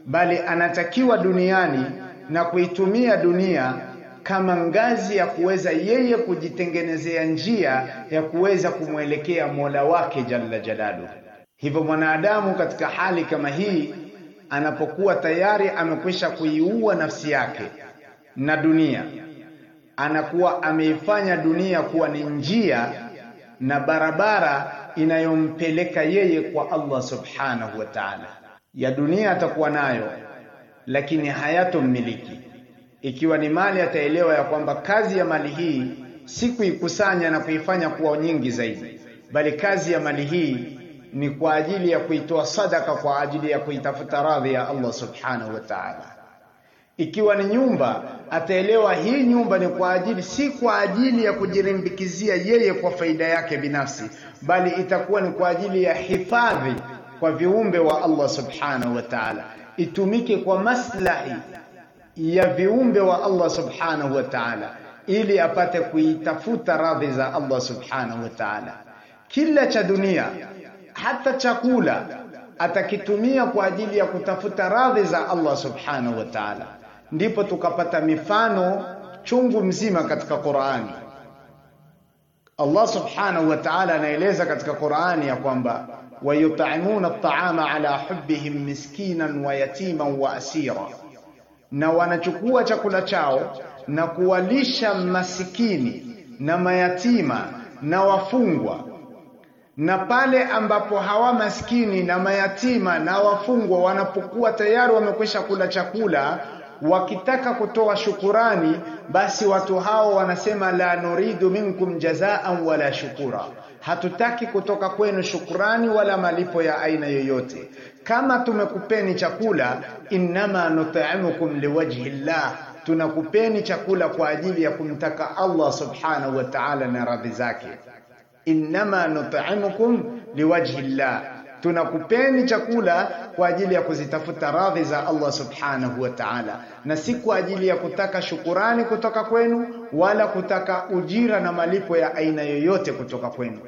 bali anatakiwa duniani na kuitumia dunia kama ngazi ya kuweza yeye kujitengenezea njia ya kuweza kumwelekea Mola wake jalla jalalu. Hivyo mwanadamu katika hali kama hii anapokuwa tayari amekwisha kuiua nafsi yake na dunia, anakuwa ameifanya dunia kuwa ni njia na barabara inayompeleka yeye kwa Allah subhanahu wa ta'ala. Ya dunia atakuwa nayo, lakini hayatomiliki. Ikiwa ni mali, ataelewa ya kwamba kazi ya mali hii si kuikusanya na kuifanya kuwa nyingi zaidi, bali kazi ya mali hii ni kwa ajili ya kuitoa sadaka, kwa ajili ya kuitafuta radhi ya Allah subhanahu wa ta'ala. Ikiwa ni nyumba, ataelewa hii nyumba ni kwa ajili, si kwa ajili ya kujirimbikizia yeye kwa faida yake binafsi, bali itakuwa ni kwa ajili ya hifadhi kwa viumbe wa Allah subhanahu wa ta'ala, itumike kwa maslahi ya viumbe wa Allah subhanahu wa ta'ala, ili apate kuitafuta radhi za Allah subhanahu wa ta'ala. Kila cha dunia, hata chakula, atakitumia kwa ajili ya kutafuta radhi za Allah subhanahu wa ta'ala ndipo tukapata mifano chungu mzima katika Qur'ani. Allah subhanahu wa ta'ala anaeleza katika Qur'ani ya kwamba wayut'imuna at'ama ala hubbihim miskinan wa yatiman wa asira, na wanachukua chakula chao na kuwalisha masikini na mayatima na wafungwa na pale ambapo hawa maskini na mayatima na wafungwa wanapokuwa tayari wamekwisha kula chakula wakitaka kutoa shukurani, basi watu hao wanasema la nuridu minkum jazaan wala shukura, hatutaki kutoka kwenu shukurani wala malipo ya aina yoyote. Kama tumekupeni chakula, innama nut'imukum liwajhi llah, tunakupeni chakula kwa ajili ya kumtaka Allah subhanahu wa ta'ala na radhi zake. Innama nut'imukum liwajhi llah tunakupeni chakula kwa ajili ya kuzitafuta radhi za Allah subhanahu wa ta'ala, na si kwa ajili ya kutaka shukurani kutoka kwenu wala kutaka ujira na malipo ya aina yoyote kutoka kwenu.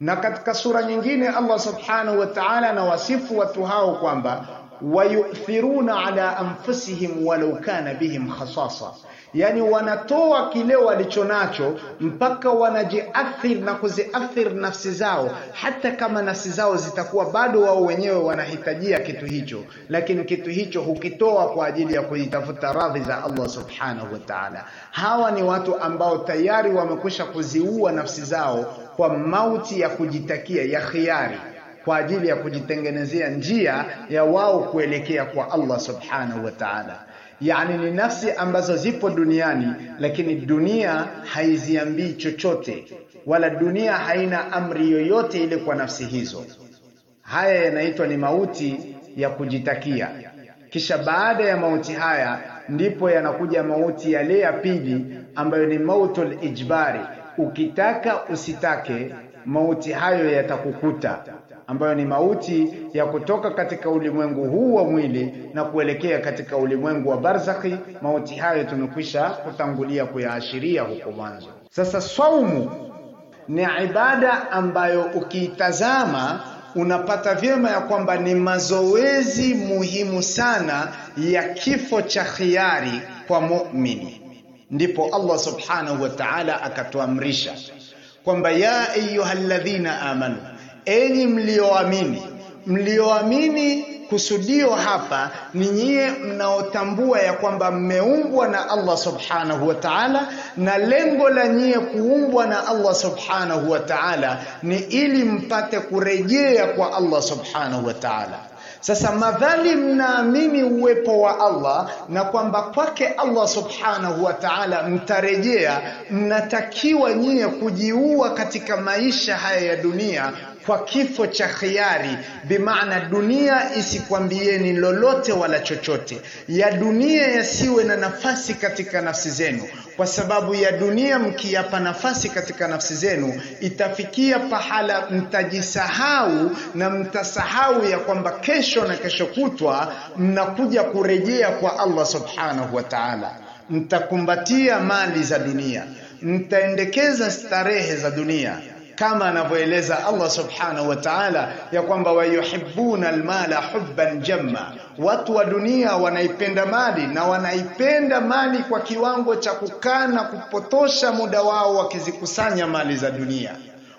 Na katika sura nyingine Allah subhanahu wa ta'ala anawasifu watu hao kwamba wayuthiruna ala anfusihim walau kana bihim khasasa yaani wanatoa kile walicho nacho mpaka wanajiathir na kuziathir nafsi zao, hata kama nafsi zao zitakuwa bado wao wenyewe wanahitajia kitu hicho, lakini kitu hicho hukitoa kwa ajili ya kujitafuta radhi za Allah subhanahu wa ta'ala. Hawa ni watu ambao tayari wamekwisha kuziua nafsi zao kwa mauti ya kujitakia ya khiari kwa ajili ya kujitengenezea njia ya wao kuelekea kwa Allah subhanahu wa ta'ala yani ni nafsi ambazo zipo duniani, lakini dunia haiziambii chochote, wala dunia haina amri yoyote ile kwa nafsi hizo. Haya yanaitwa ni mauti ya kujitakia. Kisha baada ya mauti haya ndipo yanakuja mauti yale ya pili, ambayo ni mautul ijbari, ukitaka usitake, mauti hayo yatakukuta ambayo ni mauti ya kutoka katika ulimwengu huu wa mwili na kuelekea katika ulimwengu wa barzakhi. Mauti hayo tumekwisha kutangulia kuyaashiria huko mwanzo. Sasa saumu ni ibada ambayo ukiitazama unapata vyema ya kwamba ni mazoezi muhimu sana ya kifo cha khiari kwa muumini. Ndipo Allah subhanahu wa ta'ala akatuamrisha kwamba ya ayyuhalladhina amanu enyi mlioamini. Mlioamini kusudio hapa ni nyie mnaotambua ya kwamba mmeumbwa na Allah subhanahu wa ta'ala, na lengo la nyie kuumbwa na Allah subhanahu wa ta'ala ni ili mpate kurejea kwa Allah subhanahu wa ta'ala. Sasa madhali mnaamini uwepo wa Allah na kwamba kwake Allah subhanahu wa ta'ala mtarejea, mnatakiwa nyie kujiua katika maisha haya ya dunia kwa kifo cha khiari, bimaana dunia isikwambieni lolote wala chochote, ya dunia yasiwe na nafasi katika nafsi zenu, kwa sababu ya dunia mkiyapa nafasi katika nafsi zenu, itafikia pahala mtajisahau na mtasahau ya kwamba kesho na kesho kutwa mnakuja kurejea kwa Allah subhanahu wa ta'ala. Mtakumbatia mali za dunia, mtaendekeza starehe za dunia kama anavyoeleza Allah subhanahu wa ta'ala ya kwamba wayuhibbuna almala hubban jamma, watu wa dunia wanaipenda mali na wanaipenda mali kwa kiwango cha kukaa na kupotosha muda wao wakizikusanya mali za dunia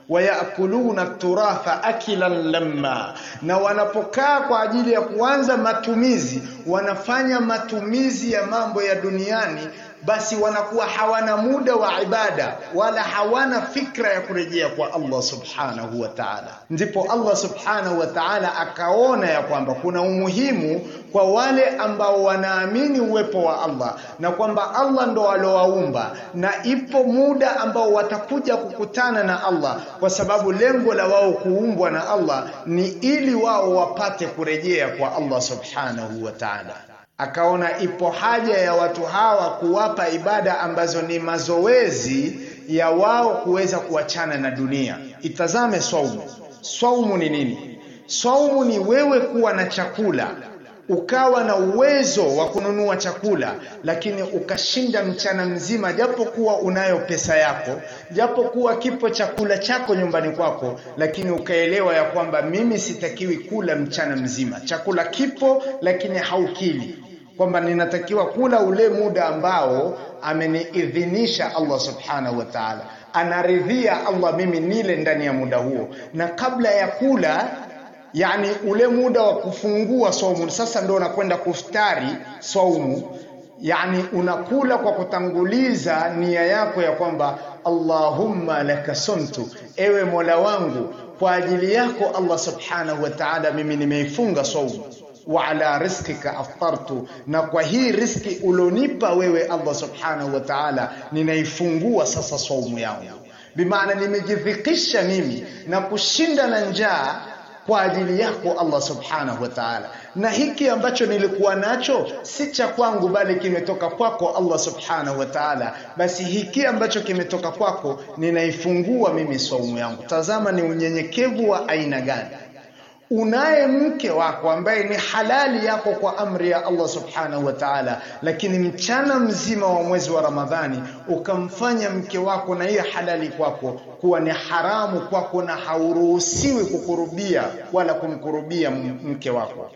wayakuluna turatha akilan lamma, na wanapokaa kwa ajili ya kuanza matumizi, wanafanya matumizi ya mambo ya duniani basi wanakuwa hawana muda wa ibada wala hawana fikra ya kurejea kwa Allah subhanahu wa ta'ala. Ndipo Allah subhanahu wa ta'ala akaona ya kwamba kuna umuhimu kwa wale ambao wanaamini uwepo wa Allah na kwamba Allah ndo alowaumba na ipo muda ambao watakuja kukutana na Allah, kwa sababu lengo la wao kuumbwa na Allah ni ili wao wapate kurejea kwa Allah subhanahu wa ta'ala akaona ipo haja ya watu hawa kuwapa ibada ambazo ni mazoezi ya wao kuweza kuachana na dunia. Itazame swaumu. Swaumu ni nini? Swaumu ni wewe kuwa na chakula ukawa na uwezo wa kununua chakula, lakini ukashinda mchana mzima, japo kuwa unayo pesa yako, japo kuwa kipo chakula chako nyumbani kwako, lakini ukaelewa ya kwamba mimi sitakiwi kula mchana mzima. Chakula kipo, lakini haukili kwamba ninatakiwa kula ule muda ambao ameniidhinisha Allah subhanahu wa ta'ala, anaridhia Allah mimi nile ndani ya muda huo, na kabla ya kula yani ule muda wa kufungua saumu, sasa ndio nakwenda kuftari saumu, yani unakula kwa kutanguliza nia yako ya kwamba Allahumma laka ewe Mola wangu, kwa ajili yako Allah subhanahu wa ta'ala, mimi nimeifunga saumu wa ala riskika aftartu, na kwa hii riski ulionipa wewe Allah subhanahu wa ta'ala, ninaifungua sasa saumu yangu, bimaana nimejidhikisha mimi na kushinda na njaa kwa ajili yako Allah subhanahu wa ta'ala, na hiki ambacho nilikuwa nacho si cha kwangu, bali kimetoka kwako Allah subhanahu wa ta'ala. Basi hiki ambacho kimetoka kwako ninaifungua mimi saumu yangu. Tazama ni unyenyekevu wa aina gani! unaye mke wako ambaye ni halali yako kwa amri ya Allah subhanahu wa ta'ala, lakini mchana mzima wa mwezi wa Ramadhani ukamfanya mke wako na hiyo halali kwako kuwa ni haramu kwako na hauruhusiwi kukurubia wala kumkurubia mke wako.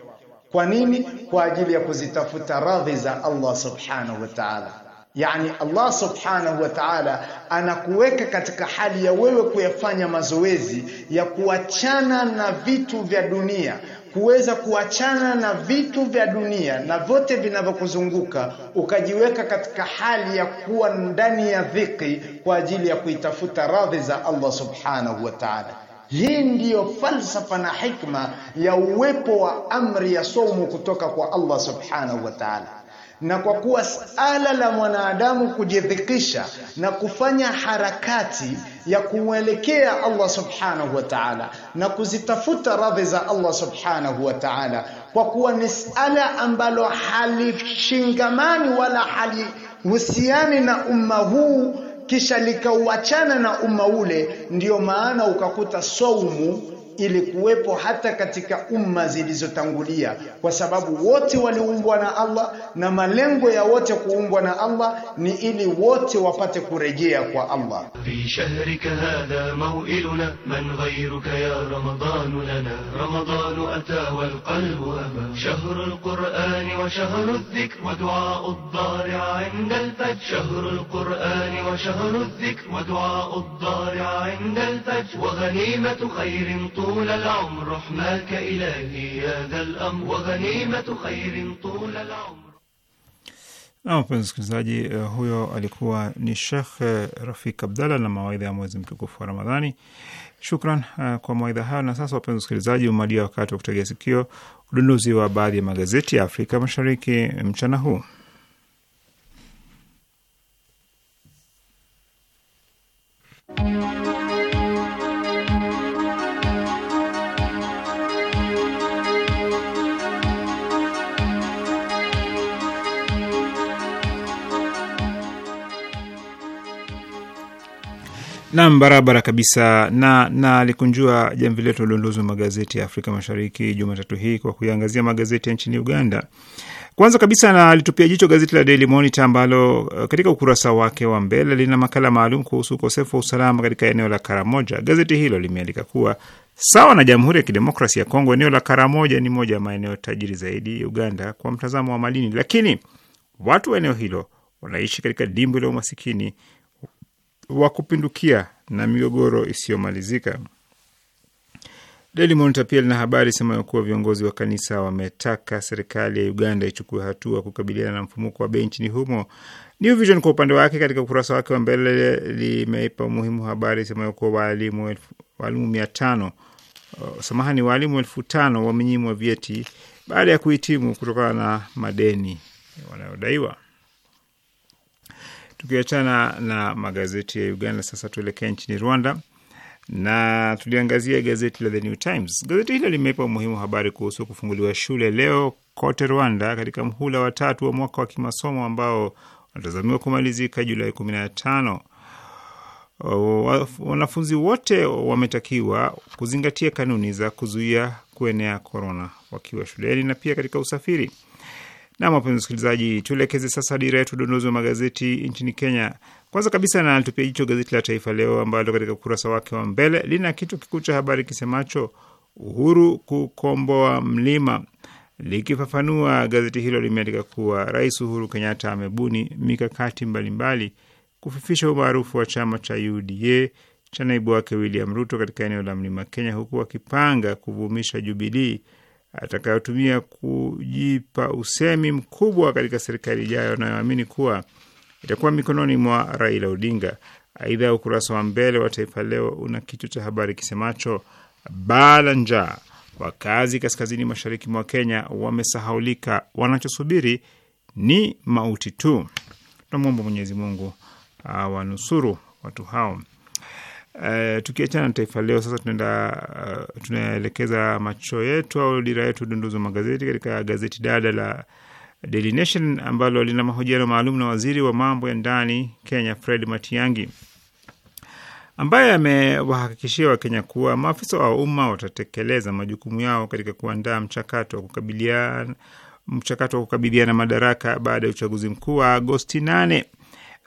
Kwa nini? Kwa ajili ya kuzitafuta radhi za Allah subhanahu wa ta'ala. Yaani Allah subhanahu wa ta'ala anakuweka katika hali ya wewe kuyafanya mazoezi ya kuachana na vitu vya dunia, kuweza kuachana na vitu vya dunia na vyote vinavyokuzunguka, ukajiweka katika hali ya kuwa ndani ya dhiki kwa ajili ya kuitafuta radhi za Allah subhanahu wa ta'ala. Hii ndiyo falsafa na hikma ya uwepo wa amri ya somo kutoka kwa Allah subhanahu wa ta'ala na kwa kuwa sala la mwanadamu kujidhikisha na kufanya harakati ya kumwelekea Allah subhanahu wa ta'ala na kuzitafuta radhi za Allah subhanahu wa ta'ala, kwa kuwa ni sala ambalo halishingamani wala halihusiani na umma huu kisha likauachana na umma ule, ndiyo maana ukakuta saumu ilikuwepo hata katika umma zilizotangulia, kwa sababu wote waliumbwa na Allah, na malengo ya wote kuumbwa na Allah ni ili wote wapate kurejea kwa Allah. fi shahrika hadha mawiluna man ghayruka ya lana ata wal qalbu aba wa dhikr wa inda al fajr wa dhikr wa inda al fajr wa ghanimatu khayrin طول العمر حماك إلهي يا ذا الأمر وغنيمة خير طول العمر na mpenzi msikilizaji, eh, huyo alikuwa ni Shekh eh, Rafik Abdalla na mawaidha ya mwezi mtukufu wa Ramadhani. Shukran uh, kwa mawaidha hayo. Na sasa, wapenzi msikilizaji, umalia wakati wa kutegea sikio udunduzi wa baadhi ya magazeti ya Afrika Mashariki mchana huu. Nam, barabara kabisa na nalikunjua jamvi letu aliondozwa magazeti ya Afrika Mashariki Jumatatu hii kwa kuiangazia magazeti ya nchini Uganda. Kwanza kabisa nalitupia jicho gazeti la Daily Monitor ambalo eh, katika ukurasa wake wa mbele lina makala maalum kuhusu ukosefu wa usalama katika eneo la Karamoja. Gazeti hilo limeandika kuwa sawa na Jamhuri ya Kidemokrasia ya Kongo, eneo la Karamoja ni moja ya maeneo tajiri zaidi Uganda kwa mtazamo wa madini, lakini watu wa eneo hilo wanaishi katika dimbwi la umasikini wa kupindukia na migogoro isiyomalizika. Daily Monitor pia lina habari semayo kuwa viongozi wa kanisa wametaka serikali ya Uganda ichukue hatua kukabiliana na mfumuko wa bei nchini humo. New Vision kwa upande wake, katika ukurasa wake wa mbele limeipa umuhimu habari semayo kuwa waalimu mia tano uh, samahani, waalimu elfu tano wamenyimwa vyeti baada ya kuhitimu kutokana na madeni wanayodaiwa. Tukiachana na magazeti ya Uganda, sasa tuelekee nchini Rwanda na tuliangazia gazeti la The New Times. Gazeti hilo limeipa umuhimu habari kuhusu kufunguliwa shule leo kote Rwanda katika mhula wa tatu wa mwaka wa kimasomo ambao wanatazamiwa kumalizika Julai kumi Wanafunzi wote wametakiwa kuzingatia kanuni za kuzuia kuenea korona wakiwa shuleni na pia katika usafiri. Nam, wapenzi wasikilizaji, tuelekeze sasa dira yetu udondozi wa magazeti nchini Kenya. Kwanza kabisa natupia jicho gazeti la Taifa Leo ambalo katika ukurasa wake wa mbele lina kitu kikuu cha habari kisemacho Uhuru kukomboa mlima. Likifafanua, gazeti hilo limeandika kuwa Rais Uhuru Kenyatta amebuni mikakati mbalimbali kufifisha umaarufu wa chama cha UDA cha naibu wake William Ruto katika eneo la mlima Kenya, huku akipanga kuvumisha Jubilii atakayotumia kujipa usemi mkubwa katika serikali ijayo anayoamini kuwa itakuwa mikononi mwa Raila Odinga. Aidha, ukurasa wa mbele wa Taifa Leo una kichwa cha habari kisemacho baa la njaa, wakazi kaskazini mashariki mwa Kenya wamesahaulika, wanachosubiri ni mauti tu. Tunamwomba Mwenyezi Mungu awanusuru watu hao. Uh, tukiachana na Taifa Leo sasa, tunaenda uh, tunaelekeza macho yetu au dira yetu udunduzi wa magazeti katika gazeti dada la Daily Nation ambalo lina mahojiano maalum na waziri wa mambo ya ndani Kenya Fred Matiang'i ambaye amewahakikishia Wakenya kuwa maafisa wa umma watatekeleza majukumu yao katika kuandaa mchakato wa kukabiliana mchakato wa kukabidhiana madaraka baada ya uchaguzi mkuu wa Agosti 8.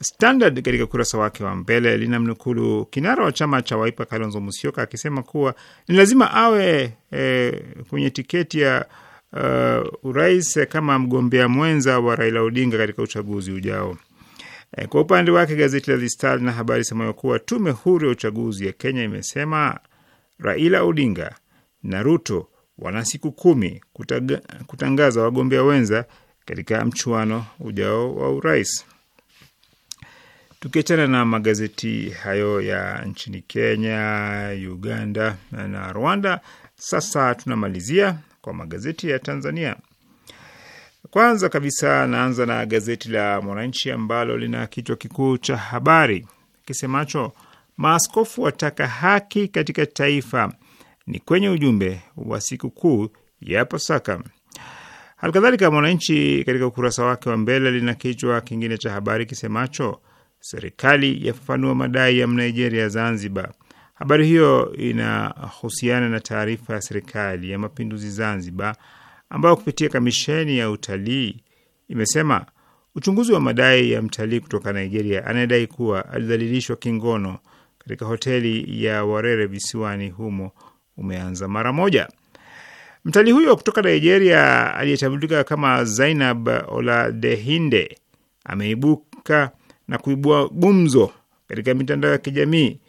Standard katika ukurasa wake wa mbele lina mnukulu kinara wa chama cha Waipa Kalonzo Musyoka akisema kuwa ni lazima awe e, kwenye tiketi ya uh, urais kama mgombea mwenza wa Raila Odinga katika uchaguzi ujao. E, kwa upande wake gazeti la The Star lina habari semayo kuwa tume huru ya uchaguzi ya Kenya imesema Raila Odinga na Ruto wana siku kumi kutaga, kutangaza wagombea wenza katika mchuano ujao wa urais. Tukiachana na magazeti hayo ya nchini Kenya, Uganda na Rwanda, sasa tunamalizia kwa magazeti ya Tanzania. Kwanza kabisa, naanza na gazeti la Mwananchi ambalo lina kichwa kikuu cha habari kisemacho maaskofu wataka haki katika taifa, ni kwenye ujumbe wa sikukuu ya Pasaka. Halikadhalika, Mwananchi katika ukurasa wake wa mbele lina kichwa kingine cha habari kisemacho Serikali yafafanua madai ya Mnigeria Zanzibar. Habari hiyo inahusiana na taarifa ya serikali ya mapinduzi Zanzibar ambayo kupitia kamisheni ya utalii imesema uchunguzi wa madai ya mtalii kutoka Nigeria anayedai kuwa alidhalilishwa kingono katika hoteli ya Warere visiwani humo umeanza mara moja. Mtalii huyo kutoka Nigeria aliyetambulika kama Zainab Oladehinde ameibuka na kuibua gumzo katika mitandao ya kijamii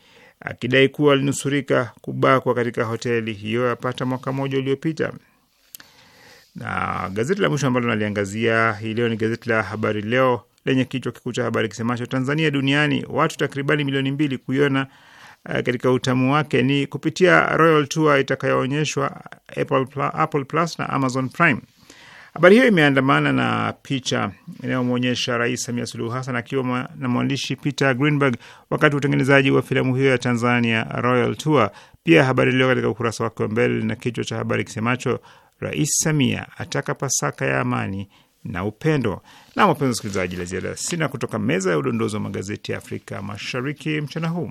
akidai kuwa alinusurika kubakwa katika hoteli hiyo yapata mwaka mmoja uliopita. Na gazeti la mwisho ambalo naliangazia hii leo ni gazeti la Habari Leo lenye kichwa kikuu cha habari kisemacho Tanzania duniani watu takribani milioni mbili kuiona eh, katika utamu wake ni kupitia Royal Tour itakayoonyeshwa Apple, Apple Plus na Amazon Prime. Habari hiyo imeandamana na picha inayomwonyesha Rais Samia Suluhu Hassan akiwa na mwandishi Peter Greenberg wakati wa utengenezaji wa filamu hiyo ya Tanzania Royal Tour. Pia Habari iliyo katika ukurasa wake wa mbele na kichwa cha habari kisemacho Rais Samia ataka Pasaka ya amani na upendo. Na wapenzi wasikilizaji, la ziada sina kutoka meza ya udondozi wa magazeti ya Afrika Mashariki mchana huu.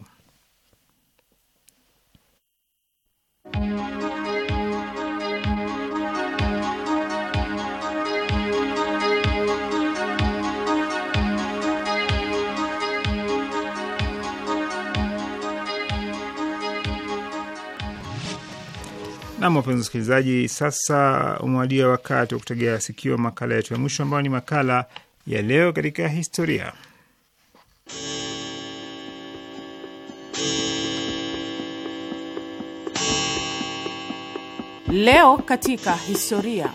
Nam, wapenzi wasikilizaji, sasa umewadia wakati wa kutegea sikio makala yetu ya mwisho ambayo ni makala ya leo katika historia. Leo katika historia.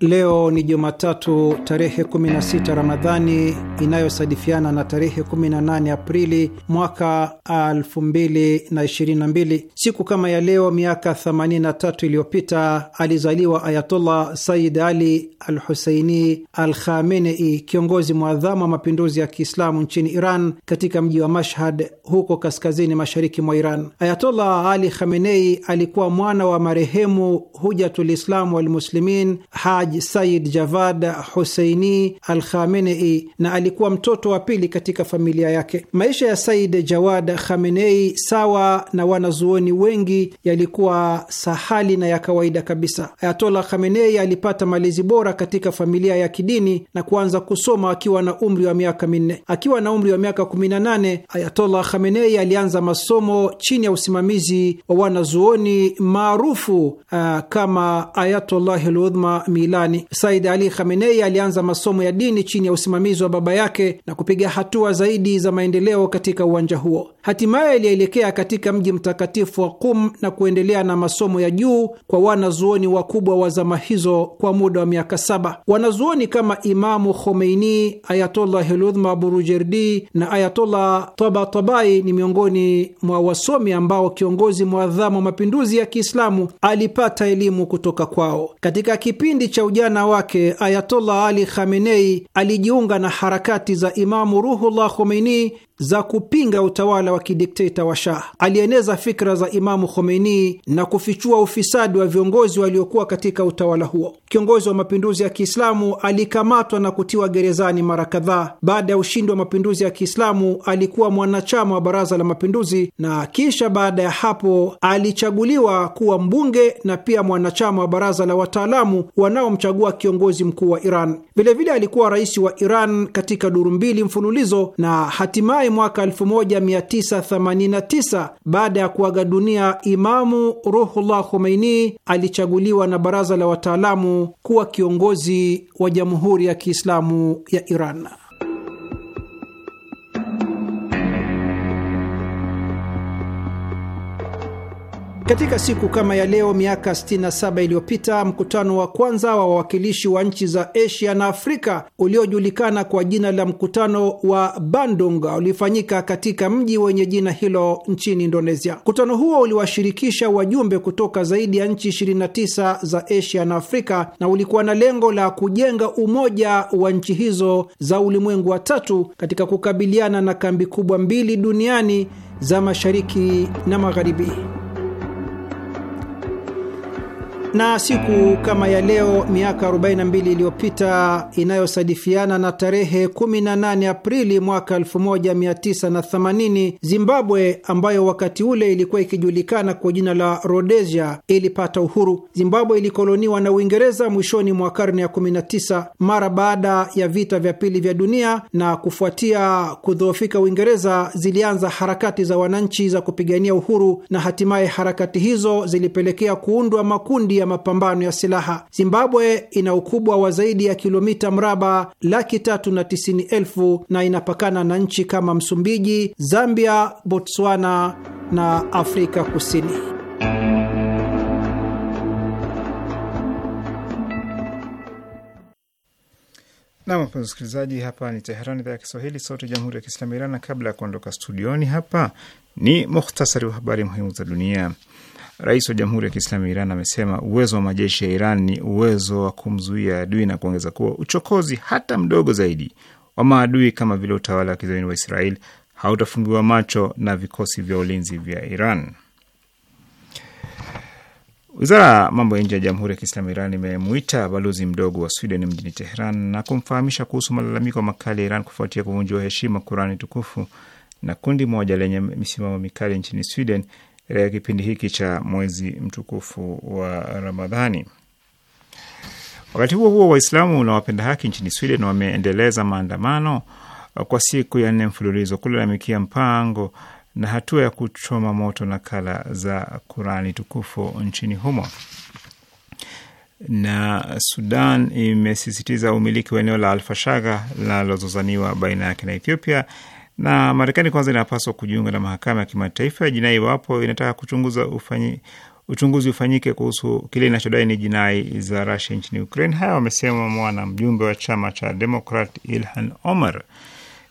Leo ni Jumatatu tarehe 16 Ramadhani inayosadifiana na tarehe 18 Aprili mwaka 2022. Siku kama ya leo miaka 83 iliyopita alizaliwa ayatollah Sayyid Ali al Huseini al Khamenei, kiongozi mwadhamu wa mapinduzi ya Kiislamu nchini Iran, katika mji wa Mashhad huko kaskazini mashariki mwa Iran. Ayatollah Ali Khamenei alikuwa mwana wa marehemu Hujatul walmuslimin Haj Said Javad Huseini Al Khamenei na alikuwa mtoto wa pili katika familia yake. Maisha ya Said Jawad Khamenei, sawa na wanazuoni wengi, yalikuwa sahali na ya kawaida kabisa. Ayatola Khamenei alipata malezi bora katika familia ya kidini na kuanza kusoma akiwa na umri wa miaka minne. Akiwa na umri wa miaka 18, Ayatola Khamenei alianza masomo chini ya usimamizi wa wanazuoni maarufu uh, kama Ayatollah Ludhma Mila fulani. Said Ali Khamenei alianza masomo ya dini chini ya usimamizi wa baba yake na kupiga hatua zaidi za maendeleo katika uwanja huo. Hatimaye alielekea katika mji mtakatifu wa Qum na kuendelea na masomo ya juu kwa wanazuoni wakubwa wa zama hizo kwa muda wa miaka saba. Wanazuoni kama Imamu Khomeini, Ayatollah Hiludhma Burujerdi na Ayatollah Tabatabai ni miongoni mwa wasomi ambao kiongozi mwadhamu wa mapinduzi ya Kiislamu alipata elimu kutoka kwao. Katika kipindi cha ujana wake Ayatollah Ali Khamenei alijiunga na harakati za Imamu Ruhullah Khomeini za kupinga utawala wa kidikteta wa Shah. Alieneza fikra za Imamu Khomeini na kufichua ufisadi wa viongozi waliokuwa katika utawala huo. Kiongozi wa mapinduzi ya Kiislamu alikamatwa na kutiwa gerezani mara kadhaa. Baada ya ushindi wa mapinduzi ya Kiislamu alikuwa mwanachama wa Baraza la Mapinduzi, na kisha baada ya hapo alichaguliwa kuwa mbunge na pia mwanachama wa Baraza la Wataalamu wanaomchagua kiongozi mkuu wa Iran. Vilevile alikuwa rais wa Iran katika duru mbili mfululizo na hatimaye Julai mwaka 1989 baada ya kuaga dunia Imamu Ruhullah Khomeini, alichaguliwa na baraza la wataalamu kuwa kiongozi wa Jamhuri ya Kiislamu ya Iran. Katika siku kama ya leo miaka 67 iliyopita mkutano wa kwanza wa wawakilishi wa nchi za Asia na Afrika uliojulikana kwa jina la mkutano wa Bandung ulifanyika katika mji wenye jina hilo nchini Indonesia. Mkutano huo uliwashirikisha wajumbe kutoka zaidi ya nchi 29 za Asia na Afrika na ulikuwa na lengo la kujenga umoja wa nchi hizo za ulimwengu wa tatu katika kukabiliana na kambi kubwa mbili duniani za mashariki na magharibi na siku kama ya leo miaka 42 iliyopita inayosadifiana na tarehe 18 Aprili mwaka 1980, Zimbabwe ambayo wakati ule ilikuwa ikijulikana kwa jina la Rhodesia ilipata uhuru. Zimbabwe ilikoloniwa na Uingereza mwishoni mwa karne ya 19 mara baada ya vita vya pili vya dunia, na kufuatia kudhoofika Uingereza zilianza harakati za wananchi za kupigania uhuru, na hatimaye harakati hizo zilipelekea kuundwa makundi dhidi ya mapambano ya silaha. Zimbabwe ina ukubwa wa zaidi ya kilomita mraba laki tatu na tisini elfu na inapakana na nchi kama Msumbiji, Zambia, Botswana na Afrika Kusini. Nam, wapenzi wasikilizaji, hapa ni Teherani, idhaa ya Kiswahili, sauti ya jamhuri ya kiislamu Iran. Na kabla ya kuondoka studioni hapa, ni muhtasari wa habari muhimu za dunia. Rais wa Jamhuri ya Kiislamu ya Iran amesema uwezo wa majeshi ya Iran ni uwezo wa kumzuia adui na kuongeza kuwa uchokozi hata mdogo zaidi wa maadui kama vile utawala wa kizayuni wa Israel hautafungiwa macho na vikosi vya ulinzi vya Iran. Wizara ya mambo ya nje ya Jamhuri ya Kiislamu Iran imemwita balozi mdogo wa Sweden mjini Teheran na kumfahamisha kuhusu malalamiko makali ya Iran kufuatia kuvunjiwa heshima Kurani tukufu na kundi moja lenye misimamo mikali nchini Sweden katika kipindi hiki cha mwezi mtukufu wa Ramadhani. Wakati huo huo, Waislamu na wapenda haki nchini Sweden wameendeleza maandamano kwa siku ya nne mfululizo kulalamikia mpango na hatua ya kuchoma moto nakala za Qurani tukufu nchini humo. Na Sudan imesisitiza umiliki wa eneo la Alfashaga linalozozaniwa baina yake na Ethiopia na Marekani kwanza inapaswa kujiunga na mahakama ya kimataifa ya jinai iwapo inataka kuchunguza ufanyi, uchunguzi ufanyike kuhusu kile inachodai ni jinai za Rusia nchini Ukraine. Haya wamesema mwana mjumbe wa chama cha Demokrat Ilhan Omar.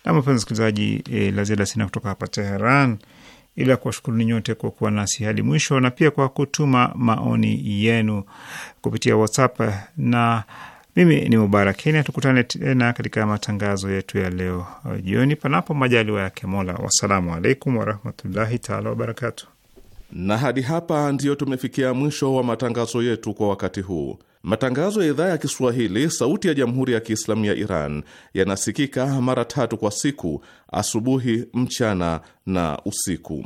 Na mpenzi msikilizaji, e, la ziada sina kutoka hapa Teheran ila ni nyote kwa kuwa nasi hadi mwisho na pia kwa kutuma maoni yenu kupitia WhatsApp na mimi ni Mubarak Kenya, tukutane tena katika matangazo yetu ya leo uh, jioni, panapo majaliwa yake Mola. Wassalamu alaikum warahmatullahi taala wabarakatu. Na hadi hapa ndiyo tumefikia mwisho wa matangazo yetu kwa wakati huu. Matangazo ya idhaa ya Kiswahili sauti ya jamhuri ya Kiislamu ya Iran yanasikika mara tatu kwa siku: asubuhi, mchana na usiku.